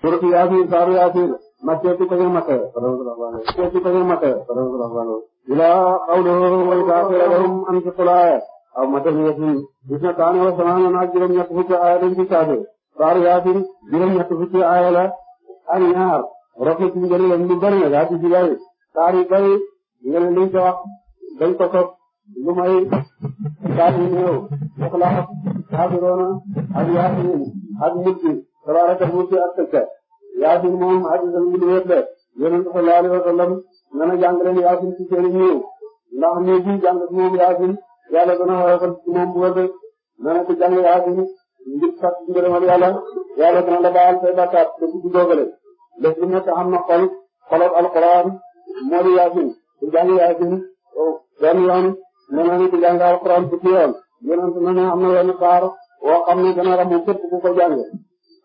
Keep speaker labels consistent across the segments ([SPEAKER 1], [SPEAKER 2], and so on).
[SPEAKER 1] suratu yaasin saaru yaasin makkee ci kañ makkee makkee ci kañ makkee ilaa qawlihi wa idhaa qiila lahum anfiqul aaya aw matan yaasin isna taane wa samaana naag juróom ñett fukki aaya dañ ci saabe saaru yaasin juróom ñett fukki aaya la ak ñaar roke ci ngeen leen lu bari daa ci jibaay saar yu bari ngeen liñ ci wax dañ ko topp lu may saar yu néew Ixlaas Kaafiruuna ak Yaasin ak Mulk tabaraka muusi ak tëkkat yaasin moom hadiisam bi wér de yonent sallallahu alayhi wa sallam nee na jàng leen yaasin ci seen ñëw ndax nii bi jàng moom yaasin yàlla dana xoyofal ci moom bu wér de nee na ku jàng yaasin ngir sax ngërëmal yàlla yàlla dana la baal say bakkaat te du doogale lépp lu nekk am na xol xolal alquran moo di yaasin ku jàng yaasin benn yoon nee na ku jàng alquran fukki yoon yonent nee na am na saar woo xam ne dana ramu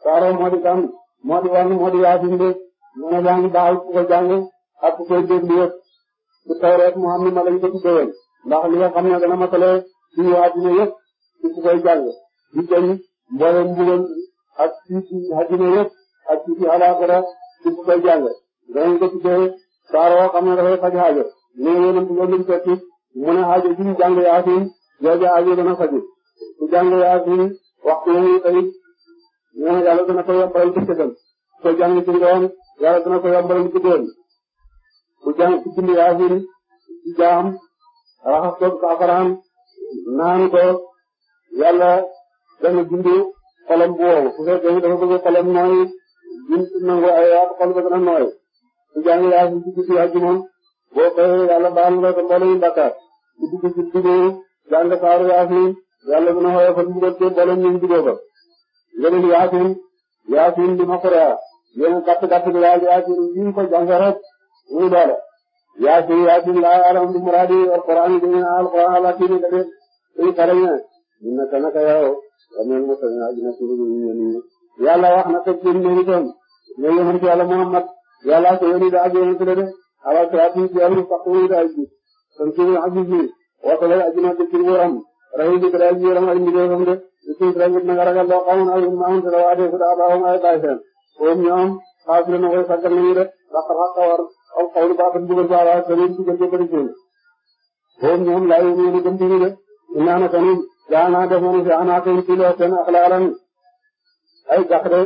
[SPEAKER 1] saaro moo di kan moo di wan moo di yaasin de mu ne jàng baaxul ku jàng ak ku koy déglu yëpp ci tawreet jàng yaasin jooja aajo dana faju nee yàlla dana ko yombalal bëccëgam ko jàng ci ngoon yàlla dana ko yombalal guddeen bu jàng ci julli yaasir ci jaam raxas ko saafaraan naan ko yàlla dana gindi xolam bu wow su fekkee dafa bëgg xolam nooy gindi nangu ay yaat xol ba dana nooy bu jàng yaasir ci guddi àjjuma boo xëyee yàlla baal nga ko mbooloo yu bakkaar bu dugg ci dugg jàng saaru yaasir yàlla dana xoyofal mbugal ci mbooloo ñu dugg ba leneen yaasin li ma korea yeneen gàtt gàtt bi daal yaasin yi ko jànge rek muy doole yaasin yaasin laa alam bi muraadi alquran yi dañu naan alquran ala tiini ka def suñu kalañ ne ñu ne ka naka yow ameen ma sañ a dina suñu ñu ñu ñu yàlla wax na teg seen mbir itam ne yonent yàlla Muhammad yàlla ko yoni da ak yonent la de ala siraati ci yàlla sax muy da aji kon ci aji bi waxale aji na ci ci waram rayu bi daal yi yaram ay mbir suuf rek it na nga ragal loo xamoon ay maam te doo adeeku daa baaxoon ay baay seen boobu ñoom xaalis la ma koy sàggal nañu de ndax xaw a war aw xaw lu baax a dugal baax a tamit si gën bëri seen boobu ñoom laaj yi ñu ngi gëm di ñu de naan ak tamit daa naa def moom si anaa koy si loo seen ak laalan ay gax de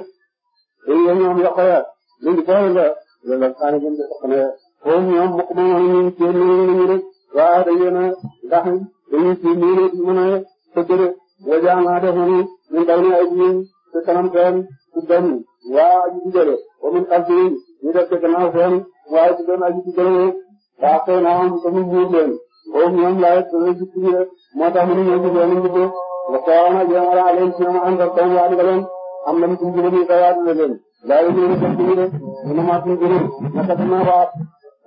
[SPEAKER 1] dañu ne ñoom yokk ya ñu ngi boole la loolu la saa ne gën di soxla ne boobu ñoom mbokk moom ñu ngi seen ñu ngi ñu rek waaw dañu ne gax dañu si ñu rek mën a fëgg وجعلنا لهم من بين أيديهم سترا قدام وأيدي جبل ومن خلفهم ñu def ci gannaaw seen waaye ci doon aji ci gërëm daa xëy na am tamit muur leen foofu ñoom laay tëjee ci kii rek moo tax ñu ñëw ci seen njëkk ba xoolaan ak yéen wala aleen ci ñoom àndal tam waat nga leen am nañ suñ gërëm yi koy waat la leen laay ñu ñu def kii rek ñu ma suñ gërëm naka dina waat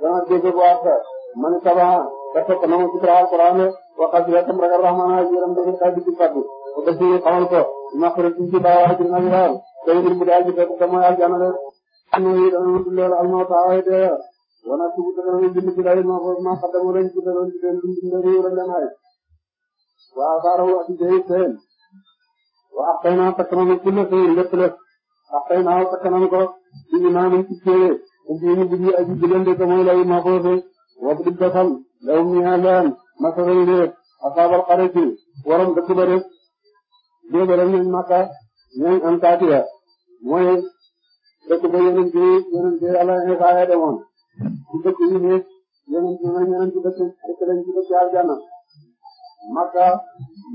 [SPEAKER 1] dana dégg waat waxal ci yaakaar ragal rahmaani ak yërëm dafa saa dugg fàttali ba def ci xamal ko ñaq rek ci baawaay bi nag waaw tey ngir mu daal di fekk te mooy aljana de. am na yéen a ngi tudd loolu almaa taawaay de wala subu te dana bind ci lay ma ko ma xam dama leen ci daloon ci leen bind ndëri yu rek danaay. waaw saara wu ati jëyee seen. waaw xëy naa takk nañu ci seen lépp lépp. waaw xëy naan ci téere. te ci ñu bugg aji jëlande te lay ma ko fe. waaw masalul léeb asaabal xariti waram dëkk ba rek déebale ñoom Makka ñoom Antakiya mooy dëkk ba yeneen bi yeneen bi Yàlla Isaa ya demoon ci dëkk yi nekk yeneen bi mooy yeneen ci dëkk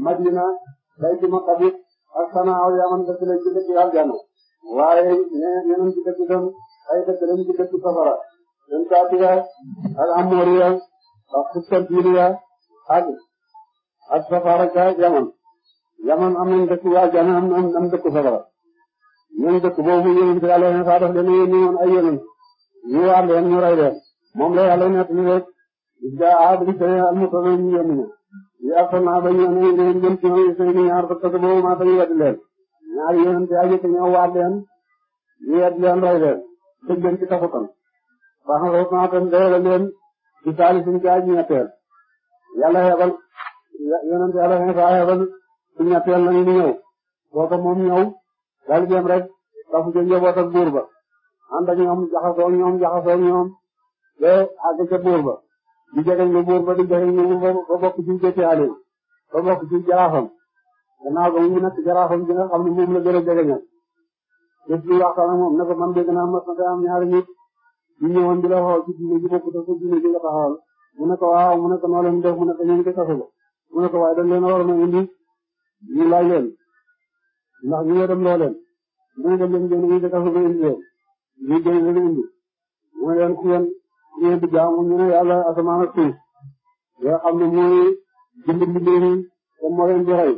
[SPEAKER 1] Madina Bayti Maqdis ak Sanaa Yaman dëkk lañ ci dëkk aljanna waaye yeneen ci dëkk doon ay dëkk lañ ci ak ak safara ak ak yaman am nañ dëkk waa safara ñoom dëkk boobu yonent yàlla ne saa def dana yónni woon ay yonent ñu waar leen ñu moom la yàlla nekk ni rek ja aad bi sey al mutana ñu yónni na yi afal naa ba maa tañu wedd leen ñaari yonent yaa jëkk ñoo waar leen ñu leen rey leen tëj leen ci tafutan baax na tam dee leen ci saali suñ ci aj yàlla yebal yonent yàlla Iisaa yebal su ñetteel la ñu ñëw kooka moom ñëw daal jëm rek tafu ca njaboot ak buur ba ànd ñoom jaxasoo ñoom jaxasoo ñoom ba àgg buur ba di jegeñ lu buur ba di jegeñ lu ba ba bokk ci jaraafam gannaaw ba mu nekk jaraafam bi nga xam ne moom la gën a jegeñal bés bi waxtaan ak moom ne ko man dégg naa mas na am ñaari nit ñu ji bokk ji nga taxawal mu ne ko waaw mu ne ko noo leen def mu ne ko ñoom ci kaso ba mu ne ko waaye dañ leen a waroon a indi ñu laaj leen ci kaso ba indi leen ñu jënd leen indi mu ne leen ku ngeen ku ngeen di jaamu ñu ne yàlla asamaan ak suuf yoo xam ne mooy bind mbindeef yi te moo leen di rey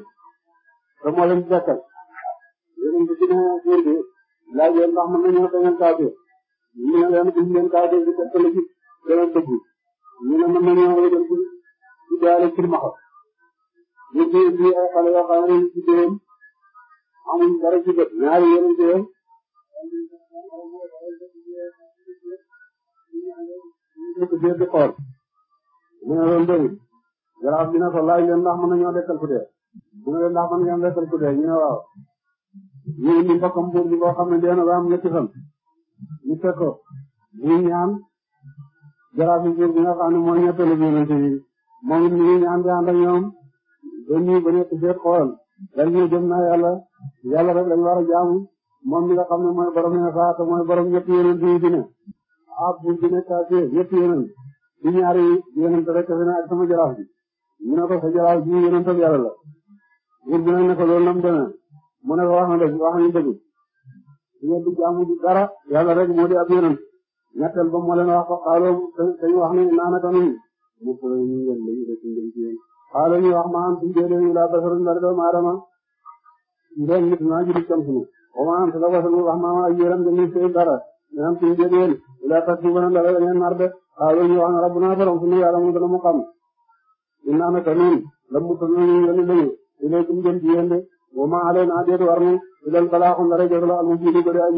[SPEAKER 1] te moo leen di dekkal yéen a ngi gis ne góor gi laaj leen ndax mën nañoo da ngeen ñu ne mën nañoo dem ci daara Kilmaxa ñu jël fii ay xale yoo xam ne ci déwén amuñ dara ci bët ñaari yeneen déwén dëkk biir di xool mu ne leen dégg jaraaf bi na ko laaj leen ndax mën nañoo dekkal ku dee mu ne leen ndax mën ngeen dekkal ku dee ñu ne waaw ñu indi mbokkam buur bi boo xam ne dee na ba am ñetti fan ñu fekk ko ñu ñaan jaraaf yi jur gi nga xam ne mooy ñetteelu bi yonent yi moom it mi ngi ñaan di ànd ak ñoom ba nii ba nekk seet xool dañ ne jëm naa yàlla yàlla rek lañ war a jaamu moom mi nga xam ne mooy borom yenn saa te mooy borom ñetti yonent yi dina ah bu dina caasee ñetti yonent ci ñaari yonent rek defe naa ak sama jaraaf bi ñu ne ko sa jaraaf bi yonent ak yàlla la. jur gi nag ne ko loolu nam demee mu ne ko wax na dëgg wax nañu dëgg su ngeen di jaamu dara yàlla rek moo di ab yonent ñettel ba moo leen wax ko xaaloo dañu wax ne naanaka nun mu ko ñu ngeen lañu de ci ngeen ci yéen xaaloo ñu wax ma am tum déedéet ñu laa basaru ndar doomu aadama ngeen nit naa juri cam sunu o ma am sala basaru wax ma ay yéram de ñu sey dara ñu am tum déedéet ñu laa tas ñu bëna dara ngeen mar de xaaloo ñu wax na rabbuna borom sunu yàlla mu dana mu xam ñu naanaka nun la mu tanu ñu ngeen lañu ilay tum ngeen ci yéen de wa ma alee naa déet war nu ilal balaaxum dara jëf la al mu jiidu ko de ay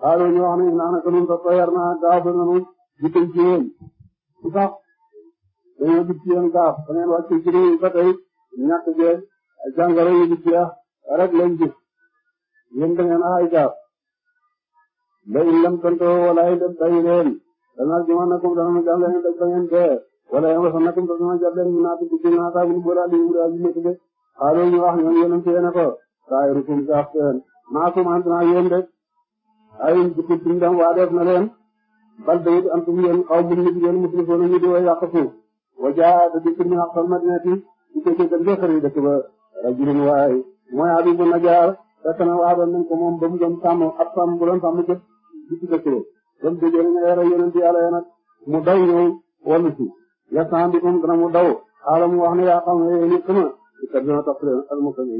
[SPEAKER 1] xaalo ñoo xam ne daanaka ñun sax yar naa gaaf ba noonu ñu tëj ci yéen su sax dañoo gis ci yéen gaaf da ngeen wàcc ci réew ba tey ñàkk jeex jàngoro yi di jeex rek lañ ngeen ay gaaf la in lam tantoo walaay def bàyyi wala yamasanakum wax ñoom yéen a ci yéen a ko saa yu rukum gaaf seen naatum naa yéen rek ay jikko duñ dem waa def na leen bal bayit antum yéen xaw mun nit yéen muslifoona ñu di way yàq suuf wa jaa da dikk min aqsal madinati ñu koy déggal jëkkër yi dëkk ba rajulun waay mooy Abibu Najaar fekk na waaroon nañ ko moom ba mu doon sàmm ab sàmm bu doon sàmm jëf di ci dëkk ba ba mu déggee ñu yore yonent mu daw ñëw wàllu si yasaan bi moom dana mu daw xaala mu wax ne yaa xam ne yéen it sama kat dina topp leen ak mu ko ñu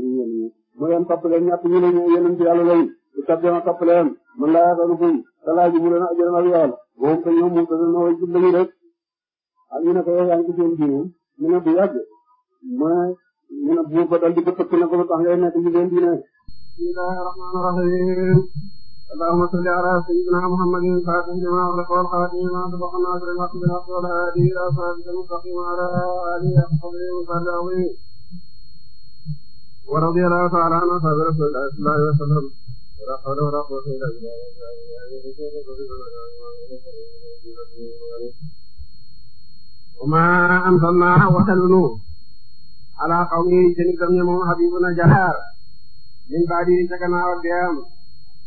[SPEAKER 1] ñu mu leen sabbina topp leen man laa yasalukum te laaju mu leen ajran ak yool moom te ñoom muhtadun way jub lañu rek ak ñu seen diine mu ne bu yàgg mu ne mu ne buur ba dal ko tëkk na ko lu tax seen diine
[SPEAKER 2] bismillahir rahmanir rahim allahumma salli ala
[SPEAKER 3] sayyidina muhammadin fatih lima ughliqa wal khatimi lima sabaqa nasir al-haqqi bil haqqi wal hadi ila siratil
[SPEAKER 2] mustaqim ala alihi haqqa qadrihi wa miqdarihi
[SPEAKER 3] ma anzalna wasalunu ala qawmi ci nitam ñe moom habibuna jahar min baadi ca gannaaw ak deem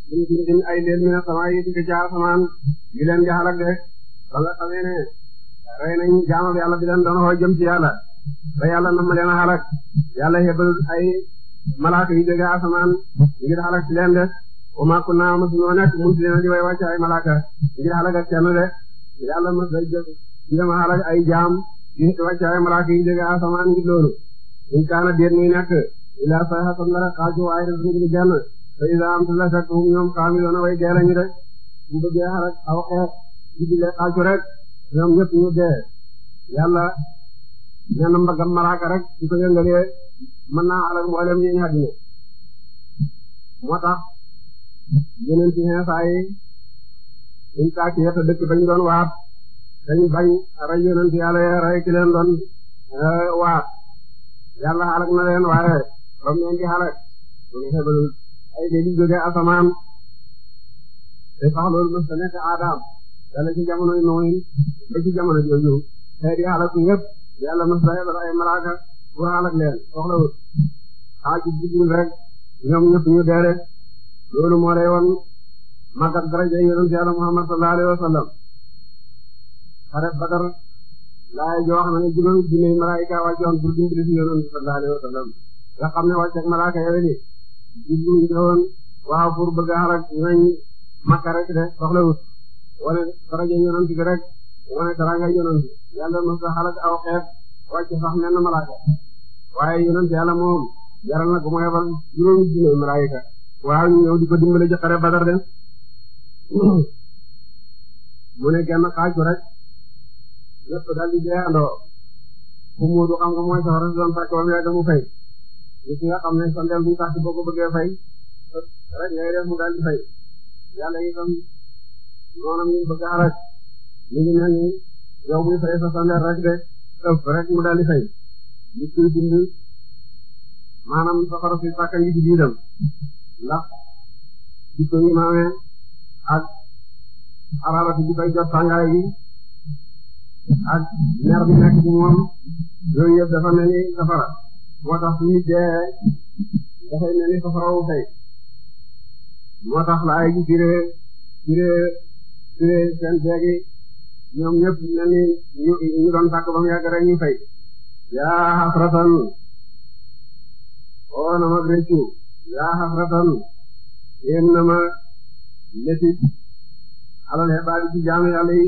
[SPEAKER 3] duñ ci din ay leen mina sama yi di jaar samaan di leen jaxalak de ba nga xamee ne rey nañ jaamab yàlla di leen doon xoo jëm ci yàlla na ma leen xalak yàlla yebal ay malaaka yi jóge asamaan ngir xalak ci leen de wa maa kunnaa nekk mun si leen di way wàcce ay malaaka yàlla mos a xalak ay jaam yi wàcce ay yi jóge asamaan ngir loolu in kaana déet muy nekk ilaa sayhatan dara xaaju waaye rek ngir genn te idaa am la fekk hum ñoom xaami way dee lañu de bu bëggee xalak aw xeet jibile xaaju rek ñoom ñëpp ñu dee yàlla ñenn mbagam malaaka rek su ko yëngalee mën naa alal mboolem ñooñu àddina moo tax yeneen ci saa yi suñ saa ci yàlla dëkk dañ doon waat dañ bañ rey yonent yàlla rey ki leen doon eh, waat yàlla xalak na leen waaye ba mu leen di xalak ay dégg yu jógee asamaan te sax loolu mos a nekk aadaam dana ci jamono yu ba ci jamono jooju xëy di xalak ñëpp yàlla mos a yebal ay malaaka pour alal leen soxla wut xaaj bu jublu rek ñoom ñëpp ñu dee rek moo lay wan màggat daraja yonent Yàlla Muhammad sallallahu alayhi wa sallam xare Badar na ne juróomi junni malaayika wàccoon pour dimbali si yonent sallallahu xam ne wàcc ak malaaka yooyu ni jublu ñëwoon waaw pour bëgg a xarak ñooñ Makka rek de soxla wut wane daraja yonent bi rek wane dara nga yonent Yàlla mos a xarak wàcc sax mel na malaaka waaye yonent yàlla moom jaral na ko mu yebal juróomi junni malaaka waaw ñu ñëw di ko dimbale ci xare Badar de mu ne kenn xaaj ko rek ñëpp daal di dee andoo
[SPEAKER 2] fu mu du xam ko mooy safara si doon tàkk ba mu mu fay li ci nga xam ne sondeel bu tàkk boo ko bëggee rek ngay def mu daal di fay yàlla itam noonam ñu bëgg a rek ñu ngi mel ni yow buy fay sa sondeel rek de
[SPEAKER 3] def rek mu daal di fay li koy bind maanaam safara si sàkka ngi ci biiram ndax di ko ñu naawee ak xaraara bi koy jot tàngaay bi ak mer bi
[SPEAKER 2] nekk ci moom yooyu yëpp dafa mel ni safara moo tax su nit dee dafay mel ni safara wu fay moo tax la ay gi firee
[SPEAKER 3] firee firee seen deegi ñoom ñëpp mel ni ñu ñu doon sàkk ba mu yàgg rek ñu fay yaa xasratan oo na ma réccu yaa xasratan yéen na ma métit alal hebaadi ci jaamu yàlla yi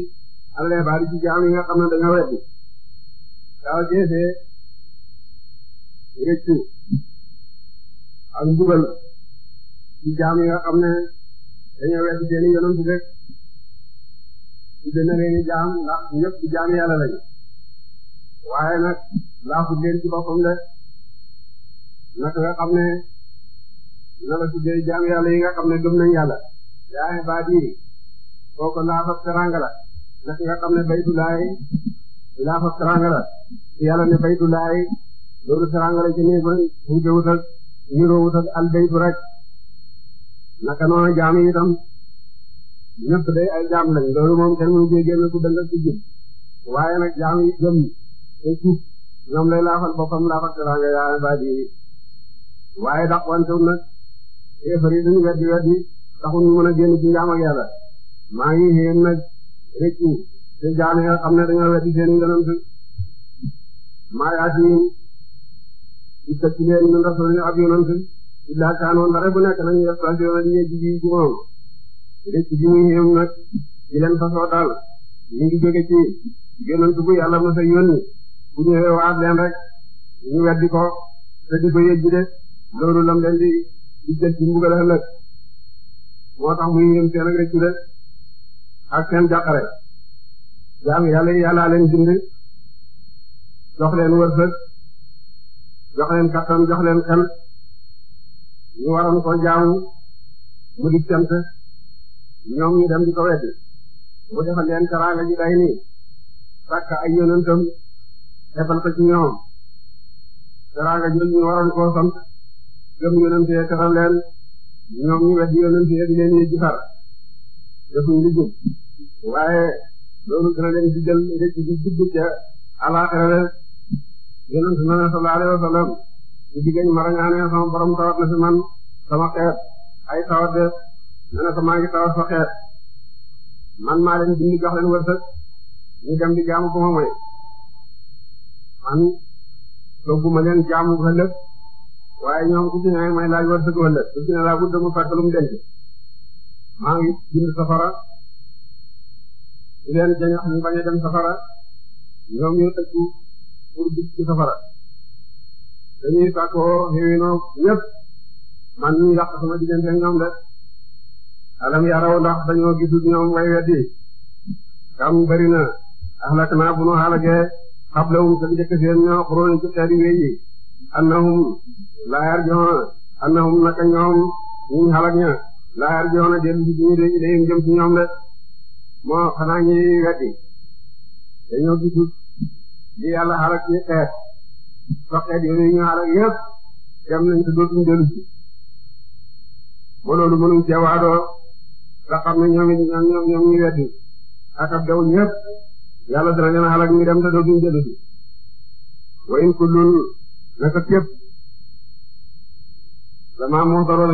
[SPEAKER 3] alal hebaadi ci jaamu yi nga xam ne dañoo weddi gaaw jeefee réccu ak mbugal ci jaamu yi nga xam ne dañoo weddi seeni yonent rek ci dana leen jaam ndax ñëpp ci jaam yàlla lañu waaye nag laafut leen ci boppam de naka nga xam ne na la tuddee jaam yàlla yi nga xam ne gëm nañ yàlla yaa ibaadi kooku laafab teranga la naka nga xam ne baytulaay laafab teranga la ci yàlla ne baytulaay loolu teranga la ci ne ba wuute wutal niroo wutal al baytu rek naka noonu jaam yi itam ñëpp day ay jaam lañ loolu moom kenn mënu cee génn ku dëng ku jub waaye nag jaam yi gëm te suuf ñoom lay laafal boppam laafal teraanga yaa ibaadi yi waaye dax wante nag kéefar yi dañu weddi weddi taxul ñu mën a génn ci njaam ak yàlla maa ngi xéen nag rëccu te jaam yi nga xam ne dañoo weddi seen ngënant maa yaa ci i tëcc leen min rasul ab yonant illaa kaanoon bare bu nekk nañu yëpp rasul na di ñee jigi ci moom rëcc ji muy xéew nag ci leen fasoo daal ñu ngi jóge ci yonent bu yàlla mos a yónni bu ñëwee waat leen rek ñu weddi ko te di ko yëjji de loolu lam leen di jël ci mbugal ëllëg moo tax muy yéem seen rëccu de ak seen jàqare jaam yàlla yàllaa leen bind jox leen wërsëg jox leen kattan jox leen xel ñu waroon ko jaamu mu di cant ñoom ñu dem di ko wedd mu defal leen teraanga ji day nii sàkk ay yonentam defal ko ci ñoom teraanga ji ñu waroon koo sant gëm yonent yi teral leen ñoom ñu wedd yonent yi di leen yëjji far defuñ lu jub waaye loolu dina leen digal rek di dugg ca alaaxira la yonent na sallallahu alayhi wa sallam ci diggéñ marañaane sama borom tawat na fi man sama xeet ay tawat de ne na ko maa ngi taw sa xeet man maa leen bind jox leen wërsëg ñu dem jaamu ko moy man sogguma leen jaamu ëllëg waaye ñoom ku ci may laaj wërsëg ëllëg ku ci laa gudd mu fekk lu mu maa ngi bind safara di leen jañax ñu bañ dem safara ñoom ñoo tëggu pour dugg ci safara dañuy sàkkoo xéwénoo ñëpp man ñu yàq sama diggante ñoom de alam yaraw ndax dañoo gisul ñoom way weddi kam bari na naa bu nu halakee xablahum sa njëkk seen ñoo xuróoni ci xeeti wéy yi annahum laa yarjoona annahum naka ñoom ñuñ halak ña laa yarjoona dellu ci ñu de ñoom de moo xanaa ñi weddi dañoo gisul li yàlla halak ci xeet so xeet yooyu ñu halak yépp dem nañ te dootuñ dellu ci ba loolu mënuñ ceewaadoo nga xam ñoom ñu weddi ak ab daw ñëpp yàlla dana leen xalak ñu dem te dootuñu jëlu si in kullun naka képp la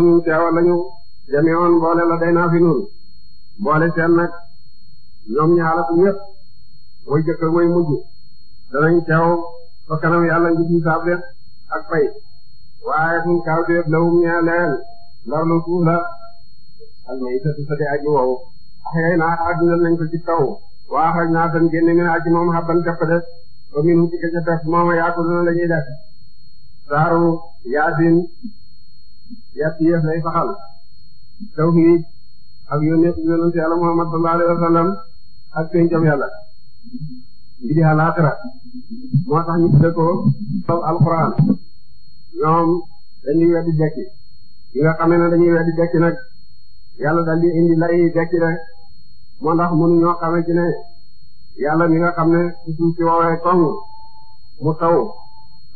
[SPEAKER 3] ñu teewal la ñu jame woon mboole la day fi noonu mboole seen nag ñoom ñu xalaku ñëpp mooy jëkk ak mooy mujj danañ teew fa kanam yàlla ngi ci saab def ak fay waaye suñ kaw déet lawum ñee leen ndarlu suuf la almaytatu sate aji wow axyay naa dundal nañ ko ci kaw waa xaj naa tan génne mi naa ci moom xabban kap def ba min hu ci kaca def mooma yaakuluna la ñuy def saaru yaasin yatti yëf lay faxal tawhid ak yónne yonent yàlla Muhammad sallallahu alayhi wa sallam ak pencam yàlla bi di alaaxira moo tax ñu tudde ko sob alquran ñoom dañuy weddi dekki ñi nga xamee ne dañuy weddi dekki nag yàlla daal di indi lay dekki moo ndax mënuñoo xame ci yàlla mi nga xam ne suuf si woowee koŋ mu taw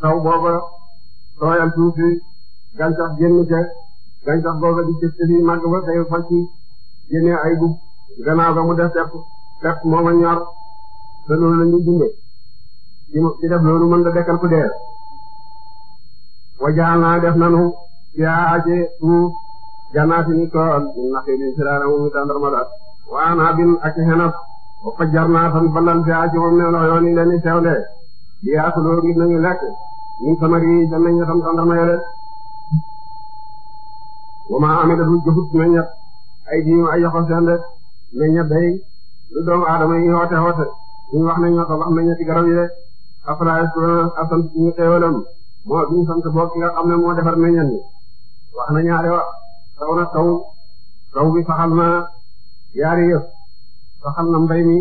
[SPEAKER 3] taw booba tooyal suuf si gàncax génn ca gàncax booba di cëf ci màgg ba day focc génne ay gub gannaaw ga mu def tepp tepp mooma ñor te loolu la ñuy ci def loolu mën da dekkal ku dee wajaal naa def nanu fiyaa ci suuf jannaatin tool min naxiilin siraara mu tàndarma wa anaabin ak xenaf wa fajjarnaa tan ballan fiihaa ci moom ne la yoon yi leen di sewle liyaakuluu ngir nañu lekk min samarihi ca meññatam tàndarma yele
[SPEAKER 4] wa maa amilathu
[SPEAKER 3] jëfut meññat ay diim ay yoxo seen de meññat day lu doomu aadama yi woote woote ñu wax ne ñoo ko wax meññati garab yi de afalaa yashkuruun asant ñu xéewalam moo duñ sant boo ki nga xam ne moo defar meññat ni wax na ñaare wax taw na taw taw bi saxal na yaari yëf saxal na mbay mi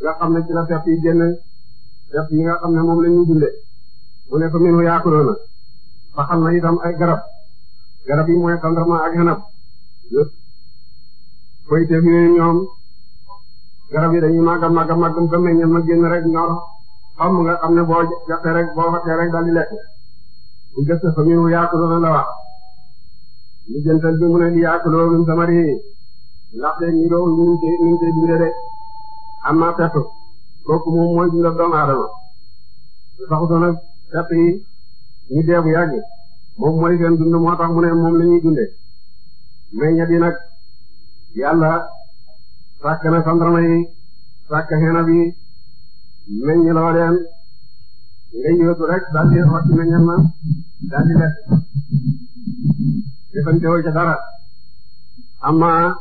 [SPEAKER 3] nga xam ne ci la pepp yi génn pepp yi nga xam ne moom la ñuy mu ne fa minu na ma génn rek ñor xam nga xam ne boo rek boo xatee rek daal di lekk bu gëstu fa minu yaakuloona la wax. li jëntal bi mu ne li yaakuloo min samari ndaxte ñu doon ñu ngi ñu ngi koy dundee de am na pepp moom mooy dundal doomu aadama saxutoon ak pepp yi ñu dee bu yàgg moom mooy seen dund moo tax mu ne moom la ñuy dundee di nag yàlla sàkk na sandarma yi sàkk xenab yi meññ loo leen nga yóotu rek daal di xotti meññal na daal di lekk jëfante woo ca dara ama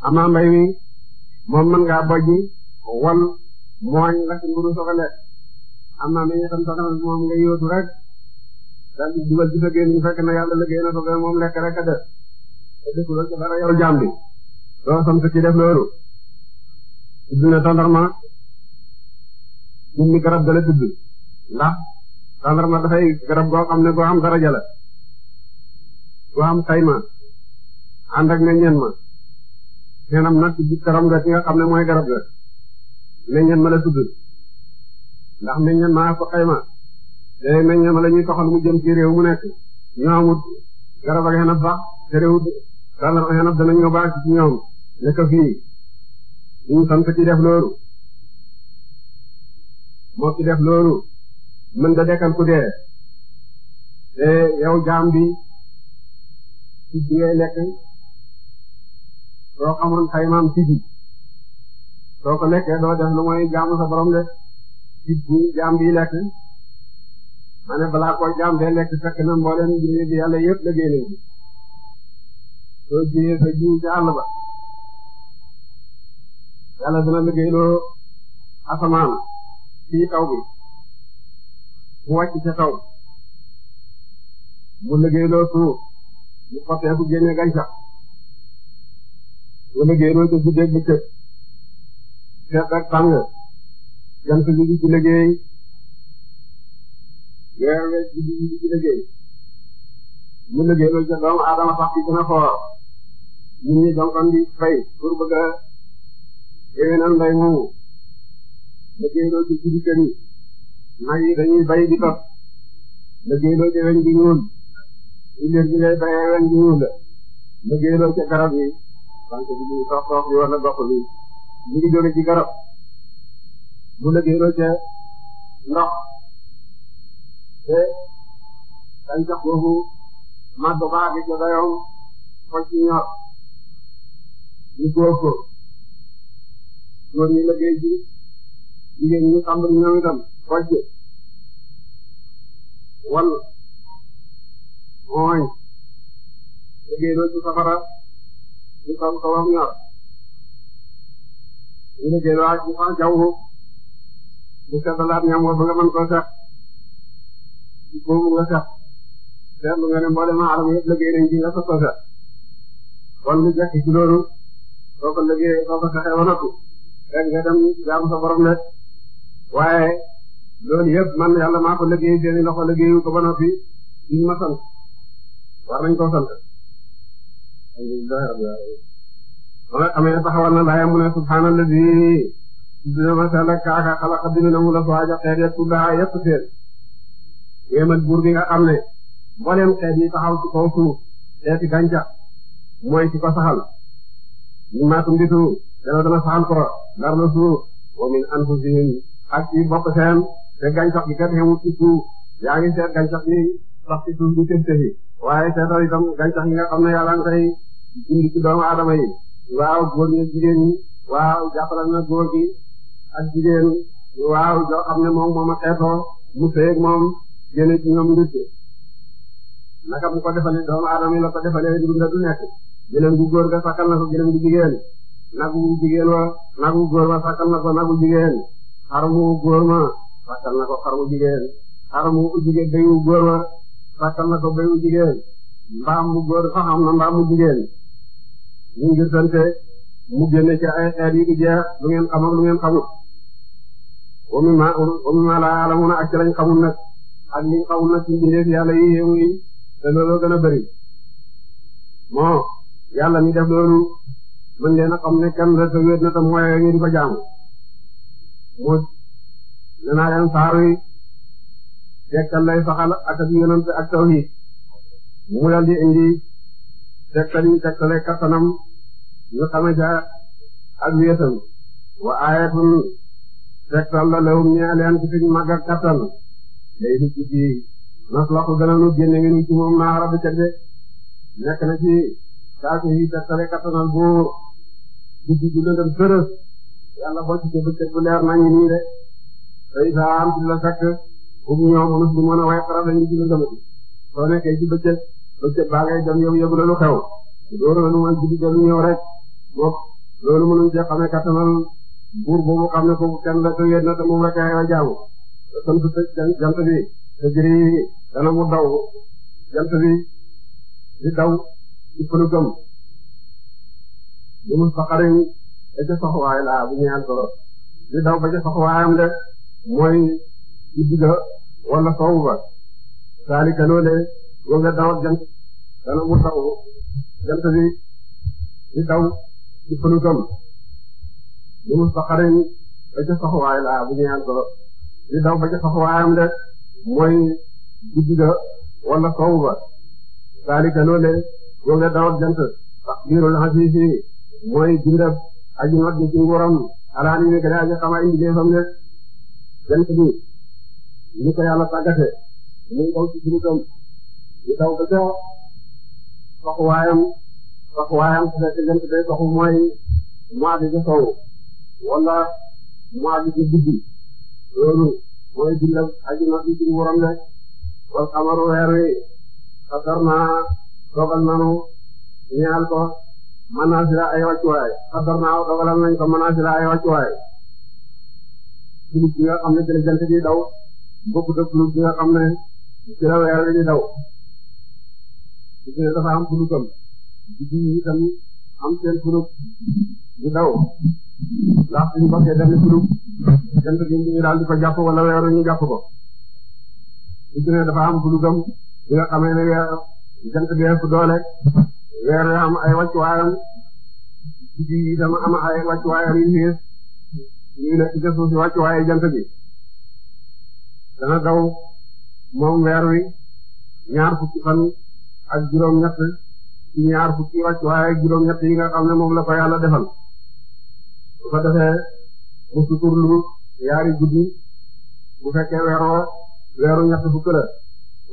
[SPEAKER 3] ama mbay mi moom mën ngaa bojji wal mooñ lakk mburu soo ko lekk ama mi itam sax moom nga yóotu rek daal di dugal ci sa génn ñu fekk na yàlla liggéey na ko moom lekk rek a def te defuloo def loolu tudd na tàndarma ñun dafay garab goo xam ne goo am daraja la ku am xayma ànd ak ne ma xenam nag ci karam ga ki nga xam ne mooy garab ga ne ma la tudd ndax ne ma ko xayma léegi ne ma la ñuy mu jëm ci réew mu nekk ñoo amut garab ak xenam sax te réewut dana xenam danañ nga baax ci ñoom nekk ñu sant ci def loolu moo ci def loolu mën da dekkal ku dee te yow jaam bi picc ngay lekk soo xamoon xaymaam picc soo ko lekkee doo def lu mooy jaamu sa borom de jaam bi lekk ma balaa ko jaam de lekk fekk na mbooleem jinne bi yàlla yëpp la génne bi soo jiyee sa jiw ci àll ba
[SPEAKER 2] yàlla dina liggéeyloo asamaan ci taw bi mu wàcc ca taw mu liggéeyloo suuf
[SPEAKER 3] bu xottee bu génnee gàncax nga liggéey loo ca guddeeg bëccëg sedd ak tàng jant bi di ci liggéey weer weer bi di ci liggéey mu liggéey loo ca doomu aadama sax ci gën a foor nit ñi jonkan di fay pour bëgg a yéwénal mbay moomu liggéey loo ca guddi kër yi nag yi dañuy bay di topp liggéey loo ca weñ bi ñuul illéef bi ngay bayee ren ji ñuul la liggéeyloo ca garab yi sant bi ñuy sox sox bi wala gox bi
[SPEAKER 2] ñu ngi jóge ci garab mu liggéeyloo ca ndox te gàncax boobu màgg ba àgg ca dayoo ko ci ñor ñu góob ko góor ñi liggéey ji jigéen ñi xam ñoom itam ko ci wal mooñ liggéeyloo ci safara ñu xam ko wam ñor
[SPEAKER 3] ñu liggéeyloo ak ñu xam ñam wa ba nga mën
[SPEAKER 2] koo seq boobu nga seq seetlu nga ne mboolem aadama yëpp liggéey nañ ci nga soog ko seq kon lu jekk ci loolu soo ko liggéey soo ko
[SPEAKER 3] sexee ba noppi rek nga dem jaamu sa borom rek loolu yëpp man yàlla maa ko liggéey seeni loxo ko ba noppi duñ ma sant war nañ koo sant
[SPEAKER 2] alhamdulillahi rabbil alamin
[SPEAKER 3] wala amee taxawal na laaya mu ne subhaanallazi dina ma sala kaaka xalaqa bind na mu la soaja xeet ya kullaha yëpp seen yéemat buur bi nga xam ne mbooleem xeet yi taxaw ci kaw suuf xeeti gàncax mooy ci ko saxal ñu maatum ditu dana dana saxal ko dar na suuf wa min anfusihim ak bopp seen te gàncax gi kat xewut ci suuf yaa ngi seet gàncax gi sax ci suuf bu tëf waaye seetoo itam gàncax gi nga xam ne yàlla nga koy dindi ci doomu aadama yi waaw góor ñi ne moom moom a mu feeg moom génne ci ñoom ngir naka bu ko defalee doomu aadama yi la ko defalee dund du nekk gëlëm bu ga sakkal na ko gëlëm bu jigéen nagu jigéen wa nagu góor ma sakkal na ko jigéen xar mu góor ma sakkal na ko xar mu jigéen xar mu jigéen dayu góor ma sàkkal na ko jigéen mbaam bu góor sax am na mbaam bu jigéen ñu sante mu génne ci ay xeet yi di jeex lu ngeen xam ak lu ngeen xamul wa mimmaa wa mimmaa laa ya'lamuuna ak ci lañ xamul nag ak liñ yi yéemu yi te looloo gën a moo yàlla mi def loolu mën leen a xam ne kenn la te wéet na te mooy ngeen di ko jaamu moo nee naa leen saaru tegtal lay saxal ak ak yonent ak tawhid mu dal indi tegtal yi tegtale kattanam ñu xame ca ak wéetam wa aayatun tegtal la lewum ñee leen ci suñu màgg ak kattan day fi ci ci maslaxu gën a nu génne ngeen ci moom naa rabbi cag de nekk na ci saako yi tegtale kattanal boo guddi gu lëndëm tërës yàlla boo ci bëccëg bu leer nañu nii de day saa am ci la sakk um ñoom mënut mën a way xarala ñu ci lëndamati soo nekkee ci bëccëg bëccëg baa ngay dem yow yëgu lu xew loolu la mooy guddi dem ñëw rek bopp loolu mënuñ cee xamee kattanal buur boobu xam ne foofu kenn la te wéet na te jant bi te jëri dana mu daw jant bi di daw ci pëlugam li mu saxariñ ba ca soxwaay laa bu ñëwaat solo di daw ba ca soxwaayam de wala sowu ba saalika loolee wa nga jant dana mu jant bi di daw ci pëlutam li mu saxarin ba ca saxuwaay laa bu ñëwaan di daw ba ca saxuwaayam de mooy guddi ga wala sowu ba saalika loolee wa nga daw jant sax biirul xasiisi mooy bindab aji not ji ci nguuram alaani wi gëdaa ji xamaa indi leefam de jant bi ni ko yàlla tàggate muy daw ci suñu doom di daw ba ca soxwaayam soxwaayam su fekkee jant day soxu mooy mois de sow wala mois de guddi loolu mooy dundal aju na ci suñu borom ne wal xamaru weer wi xasar naa dogal nanu ñaal ko manasira ay wàccuwaay xasar naa dogalal nañ ko manasira ay wàccuwaay ci li nga xam ne jële jant bi daw bokkut ak kuréel gi nga xam ne ci la weer wi di daw su fekkee dafa am kuréelam biddew yi itam am seen kuréel di daw ndax suñu bokkee benn kuréel jant bi ñu daal di ko jàpp wala weer wi ñu jàpp ko su fekkee dafa am kuréelam bi nga xamee ne weer jant bi ëpp doole weer wi am ay wàccuwaayam biddew yi itam am ay wàccuwaayam yu nekk ci suuf si wàccuwaayu jant bi. dana daw moom weer wi ñaar fukki fan ak juróom-ñett ci ñaar fukki wàcc waaye juróom-ñett yi nga xam ne moom la ko yàlla defal bu ko defee mu suturlu yaari guddi bu fekkee weeroo weeru ñett fukk la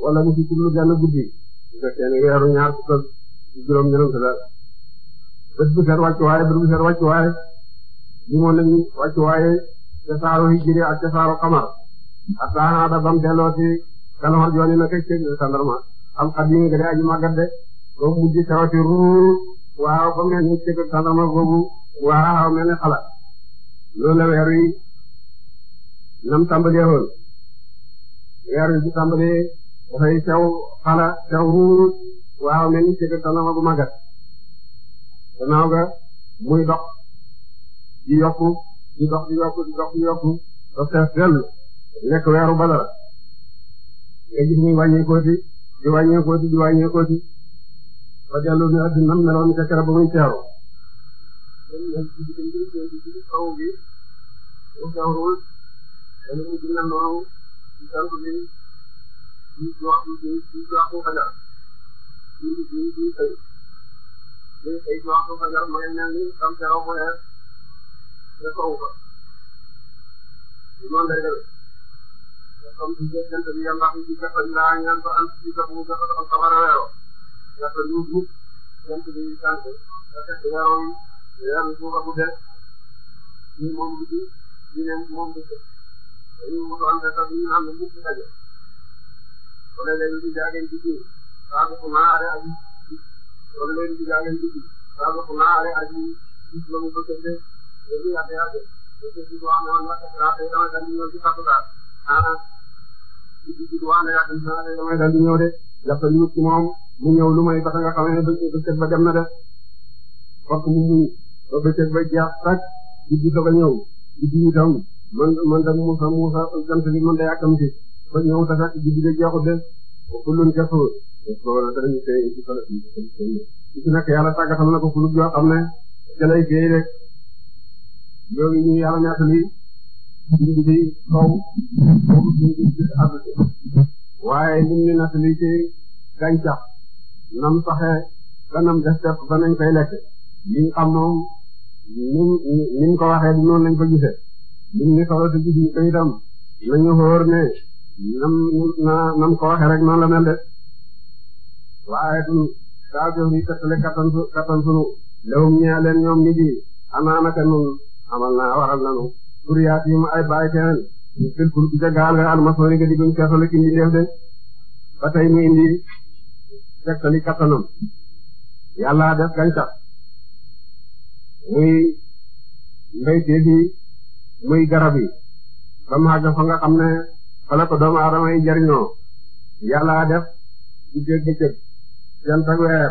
[SPEAKER 3] wala mu suturlu benn guddi bu fekkee ne weeru ñaar fukk ak juróom-ñett la bët bu set wàcc waaye bët bu set wàcc waaye li moo lañu wàcc waaye ca saaru ak ca saaru ak saanaa da bam delloo ci kaloxor jooni na kay ci sandarma al qadim ga de aji màggat de ba mujj taw ci ruur waaw ba mel ni ci sandarma boobu waaw mel ni xalaat loolu la weer wi nam tàmbalee woon weer wi bu tàmbalee dafay sew xala sew ruur waaw mel ni ci sandarma bu màggat gannaaw ga muy dox di yokku di dox di yokku di dox di yokku ba fees dellu lekk weeru badar nga gis muy ni addu nam meloon ca na
[SPEAKER 2] noonu ci sant bi ci waxtu bi ci waxtu fajar ci ci ci xëy ci xëy ci waxtu fajar ma ngi mel ni sam teew mooy nga kaw ko noonu lay comme si ngeen jënd bi yàlla waxuñ ci gerte bi laa ko am ci gerte a weeroo gerte bi mu jënd bi tànk nga fekk weeroo yi weer bi suufa bu dee ñu moom bi ñu ne moom bi dañuy mu doon gerte bi ñu am lu mu ci daje wala léegi di jaageen ci kii saa ko maa are aji wala léegi di jaageen ci kii saa ko maa aji gis la mu bëgg a dee léegi yàgg yàgg léegi si boo xam ne ko saa ah li ci jiitu waa ne yaa ngi xanaa damay daal di
[SPEAKER 3] ñëw de jàpp nañu ci moom mu ñëw lu may ba nga xam ne bëccëg ba dem na de fokk mu muñ ba bëccëg ba jeex rek guddi doog a ñëw guddi itam man man de Moussa Moussa jant bi man de yàkkamti ba ñëw te fekk guddi de jeexut de kullun kafuur ci nekk yàlla tàggatam na ko fulub yoo xam ne ca lay géey rek loolu ñu yàlla ñàkk lii ñu ngi koy waaye li ñu natt li ci gàncax nam saxee ba nam def tepp ba nañ koy lekk liñ xam moom ni ni mu ko waxee du noonu lañ ko ni solo si gis ñu koy itam nañu ne nam nam ko waxee rek noonu la mel de waaye itam saa jox ñu tëkkale kattan su kattan sunu lewum ñee leen ñoom nit yi anaanaka nun amal naa waral nanu zuriyatihim ay baay keneen fil fulki ca gaal ga almasori nga di guñ seetlu ci mbindeef de ba tey mu indi tegtali kattanam yàlla def gàncax muy mbéyteef yi muy garab yi ba mu àgg fa nga xam ne fala ko doomu aadama yi jariñoo yàlla def ci dégg bëccëg jant ak weer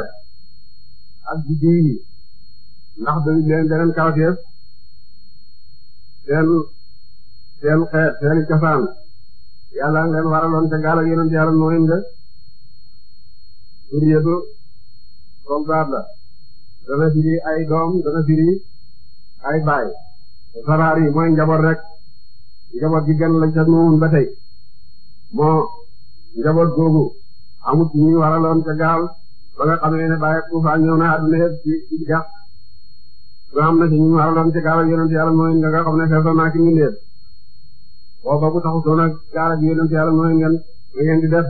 [SPEAKER 3] ak biddiw yi ndax dañ leen beneen kawteef seen seen xeet seeni cosaan yàlla leen waraloon ca gaal ak yonent yàlla Nuuh de duriyatu comme daat la dana firi ay doom dana firi ay baay saraar yi mooy njaboot rek njaboot gi gën la ba tey moo njaboot googu amut ñi waraloon ca gaal ba nga xamee ne bàyyi tuufaa ñëw na àdduna yëpp ci ci ba am na ci ñu waraloon ci gaal ak yonent yàlla mooy nga nga xam ne xeesoon naa ci mbindeef booba bu taxutoon ak gaal ak yonent yàlla mooy ngeen ngeen di def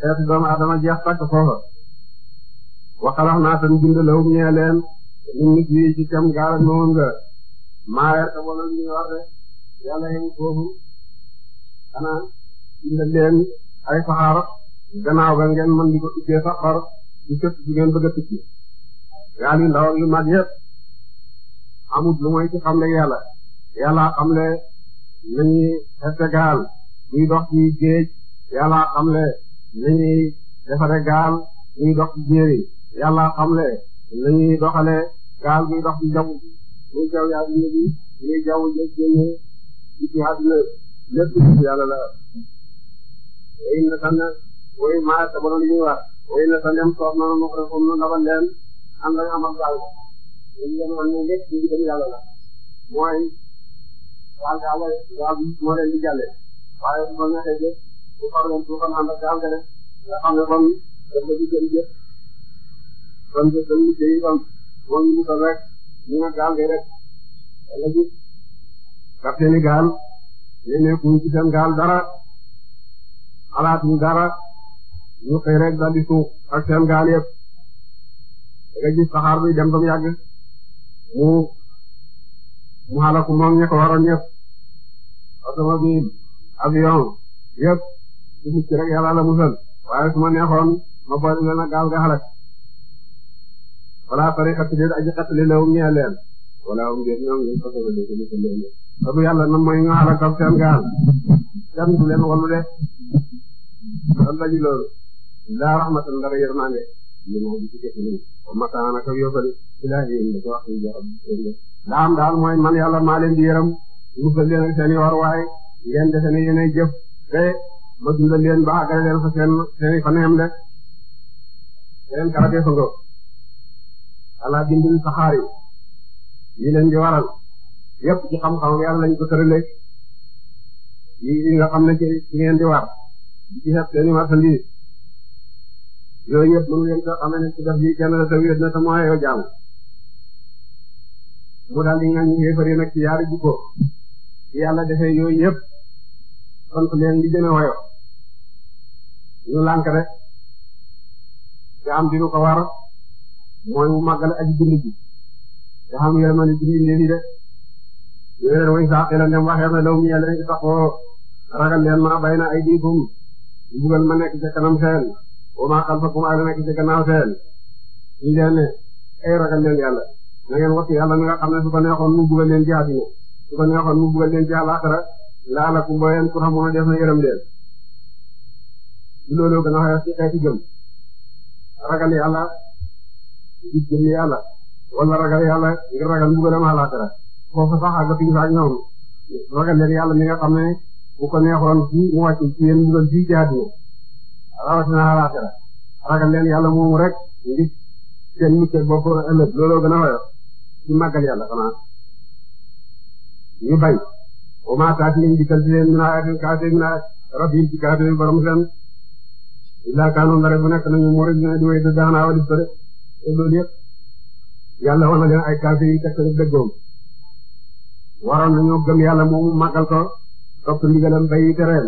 [SPEAKER 3] xeetu doomu aadama jeex tàkk foofa waxalax naa tan bind lawum ñee leen ñu nit yi cam gaal ak nga maareer ka boolal ñu war de yàlla yemu foofu xanaa bind leen ay saxaar gannaaw di ko di këpp ci ngeen bëgg a ndaw yu mag yëpp amut lu moy ci xamle yàlla yàlla xamle lañuy xette gaal buy dox ci géej yàlla xamle lañuy defare gaal buy dox ci jéeri yàlla xamle lañuy doxale gaal buy dox ci jaww ji muy jaww ji àdduna bi muy jaww ji génne ci ci àdduna lépp ci yàlla la way na sanne way maa tabaroon li ñuy wax way na sanne am soob noonu mu ko defum
[SPEAKER 2] nu ndabal leen am lañu amal gaal dañu leen wan ne lépp ndigalu yàlla la mooy gaal gaal gaal moo leen di jàllee waaye bu ko neexee jëf bu ko doon bu ko ànd ak gaal ga rek nga xam ne kon dafa di jëm jëf kon jëf dañuy jëriñ kon moo ngi musal rek ñu ne gaal gi rek
[SPEAKER 3] danga gis capitaine yi gaal yéene kuñ ci seen gaal dara xalaatuñ dara ñu xëy rek daal di suuf ak seen gaal yëpp da nga gis saxaar bi dem ba mu yàgg mu mu halaku moom ñi ko waroon ñëpp automobile avion yëpp su mucc rek yàlla la musal waaye ma neexoon ma boole gaal ga wala pare xatti déet aji xatti li wala
[SPEAKER 2] um déet ñu
[SPEAKER 3] fasal leen ñu fasal leen ba bu yàlla nam mooy ñu halak seen gaal kenn du leen wallu de loolu la ñu loolu laa rahmatan dara yërmande li moom ci kese mataan ak yóbbali ilaahi yéen ko wax ci joxam daam daal mooy man yàlla maa leen di yërëm musal leen ak seen i war waaye ngeen defe ne yéenay jëf te ma dundal leen ba àggale leen fa seen seen i fan yem de seen karatee fa ngoo ala bindil saxaar yi yi leen di waral yépp ci xam-xam yàlla lañ ko tëralee yi nga xam ne ci ngeen di war di ci xet seen i marchandise yooyu yëpp mënu leen ko xamee ne ci def bi kenn la wéet na te moo ayoo jaamu mu daal di ñaan ñu yéefari nag ci yaari jikko yàlla defee yooyu yëpp sant leen li gën a woyo ñu rek nga am di mooy mu màggal aji bind ji nga xam yërmande ci mbindeef yi de ñu leen way sax la dem waxee na law mi yàlla ngi taxoo ragal leen ma bay na ay diikum mbugal ma nekk ca kanam seen wa maa xalfakum ak la nekk ci gannaaw seen ñu leen ne ragal leen yàlla na ngeen yàlla mi nga xam su ko neexoon mu bugal leen ci àddina su ko neexoon mu bugal leen ci àllaaxira laalakum boo yéen ku xamoon a def na yërëm leen loolu gën a xayma ci xeetu jëm ragal yàlla di jëm yàlla wala ragal yàlla ngir ragal mbugalam àllaaxira foofu sax àggatuñu fa ak ñoom ragal leen yàlla mi nga xam ne ko neexoon fii mu wàcc ci yéen mbugal fii ci àddina rawatina alaaxira ragal leen yàlla moomu rek ngir seen mucc ak bopp ëllëg looloo gën a woyof ci màggal yàlla xanaa ñu bañ au moins saa si lañ dikkal si leen naa kaase naa rab yi ci kaase bi borom seen illaa kaanu ndare mu rek dina di wéy daanaa wala di sore yàlla wan na ay kaase yi teg seen dëggoom waroon nañoo gëm yàlla moomu màggal ko topp ndigalam bay tereen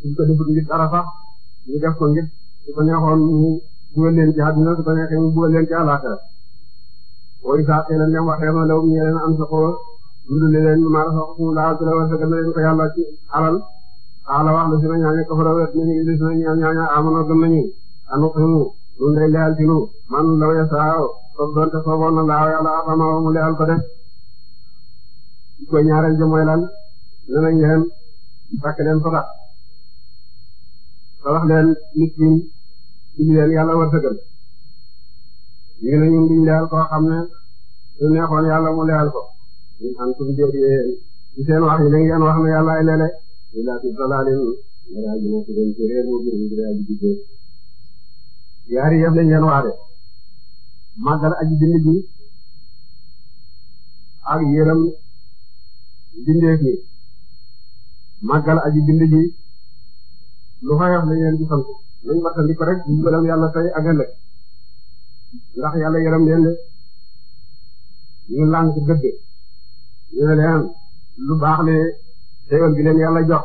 [SPEAKER 3] suñ ko defut ngir dara sax ñu def ko ngir su ko neexoon ñu dugal leen ci àdduna su ko neexee ñu dugal leen ci àllaaxira woy saa xëy na leen waxee ma law ñeleen am sa ko dundale leen maa razaqakum laahu ci la wërsëgal leen ko yàlla ci alal ala wax la si na ñaaña kafara wet nañu ili si na ñaaña amano gëm nañu anu ximu nun day leyal ci nu man law ya saaw soog doon te sooboon na laaw yàlla afama mu leyal ko def ko ñaareel ja mooy lan ne nañ leen fekk leen soxat tabax leen miskin ci leen yàlla wërsëgal ñu ne ñun leyal koo xam ne su neexoon yàlla mu leyal ko ñun an tum déet yéen ci seen wax yi da ngeen wax ne yàlla ay lele ila fi dalalin dara ji nekk dem ci réer mu bir dara ji jigéen yaari yëf lañ leen wax aji bind ak yërëm bindeef yi màggal aji bind lu xoyof lañ leen di sant nañ wattandiku rek mbugalam yàlla tey ak ëllëg ndax yàlla yërëm leen de ñu lànk dëgg ñu ne leen lu baax le teewal gi leen yàlla jox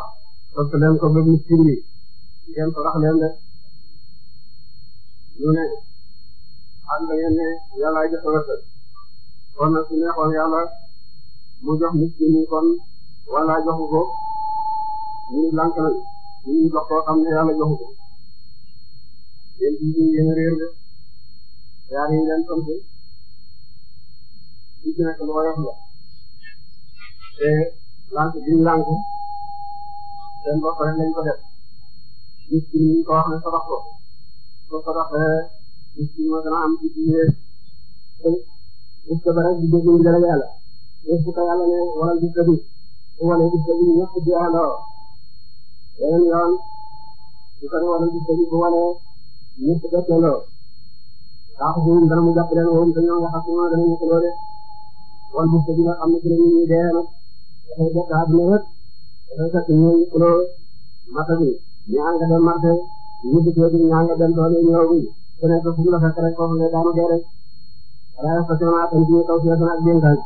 [SPEAKER 3] parce
[SPEAKER 2] que ko ba miskin ngeen sarax leen de ñu ne xam nga ngeen ne yàlla jox wërsëg kon nag su neexoon yàlla mu jox miskin yi kon wala joxu ko ñu lànk nañ ñu jox koo xam ne yàlla joxu ko yéen fii nii yéen yaa ngi leen sant fii ci nekk lu woyof la te lànk bi ñu lànk seen bopp rek lañ ko def gis ci ñu ko wax ne sabax ko soo ko doxee gis ci ma dana am ci biir gis ko ba rek di déglu njëriñ yàlla gis ko yàlla ne wala gis ko bi wala gis ko bi ñëpp beneen yoon su ko defee rek gis bu wane ñëpp def na lool saako boobu woon te ñoom wax ak ñoom dana ñëpp loole wala mu tëj
[SPEAKER 3] nga xam ne ci la ñuy dee nag dafay def daa dina rek dafay fekk ñoom ñëpp lool mata dem marché ñëpp ci wetu ñaa nga la fekk rek foofu nga daanu dee rek waaye parce que maa tam kaw si ak dénkaan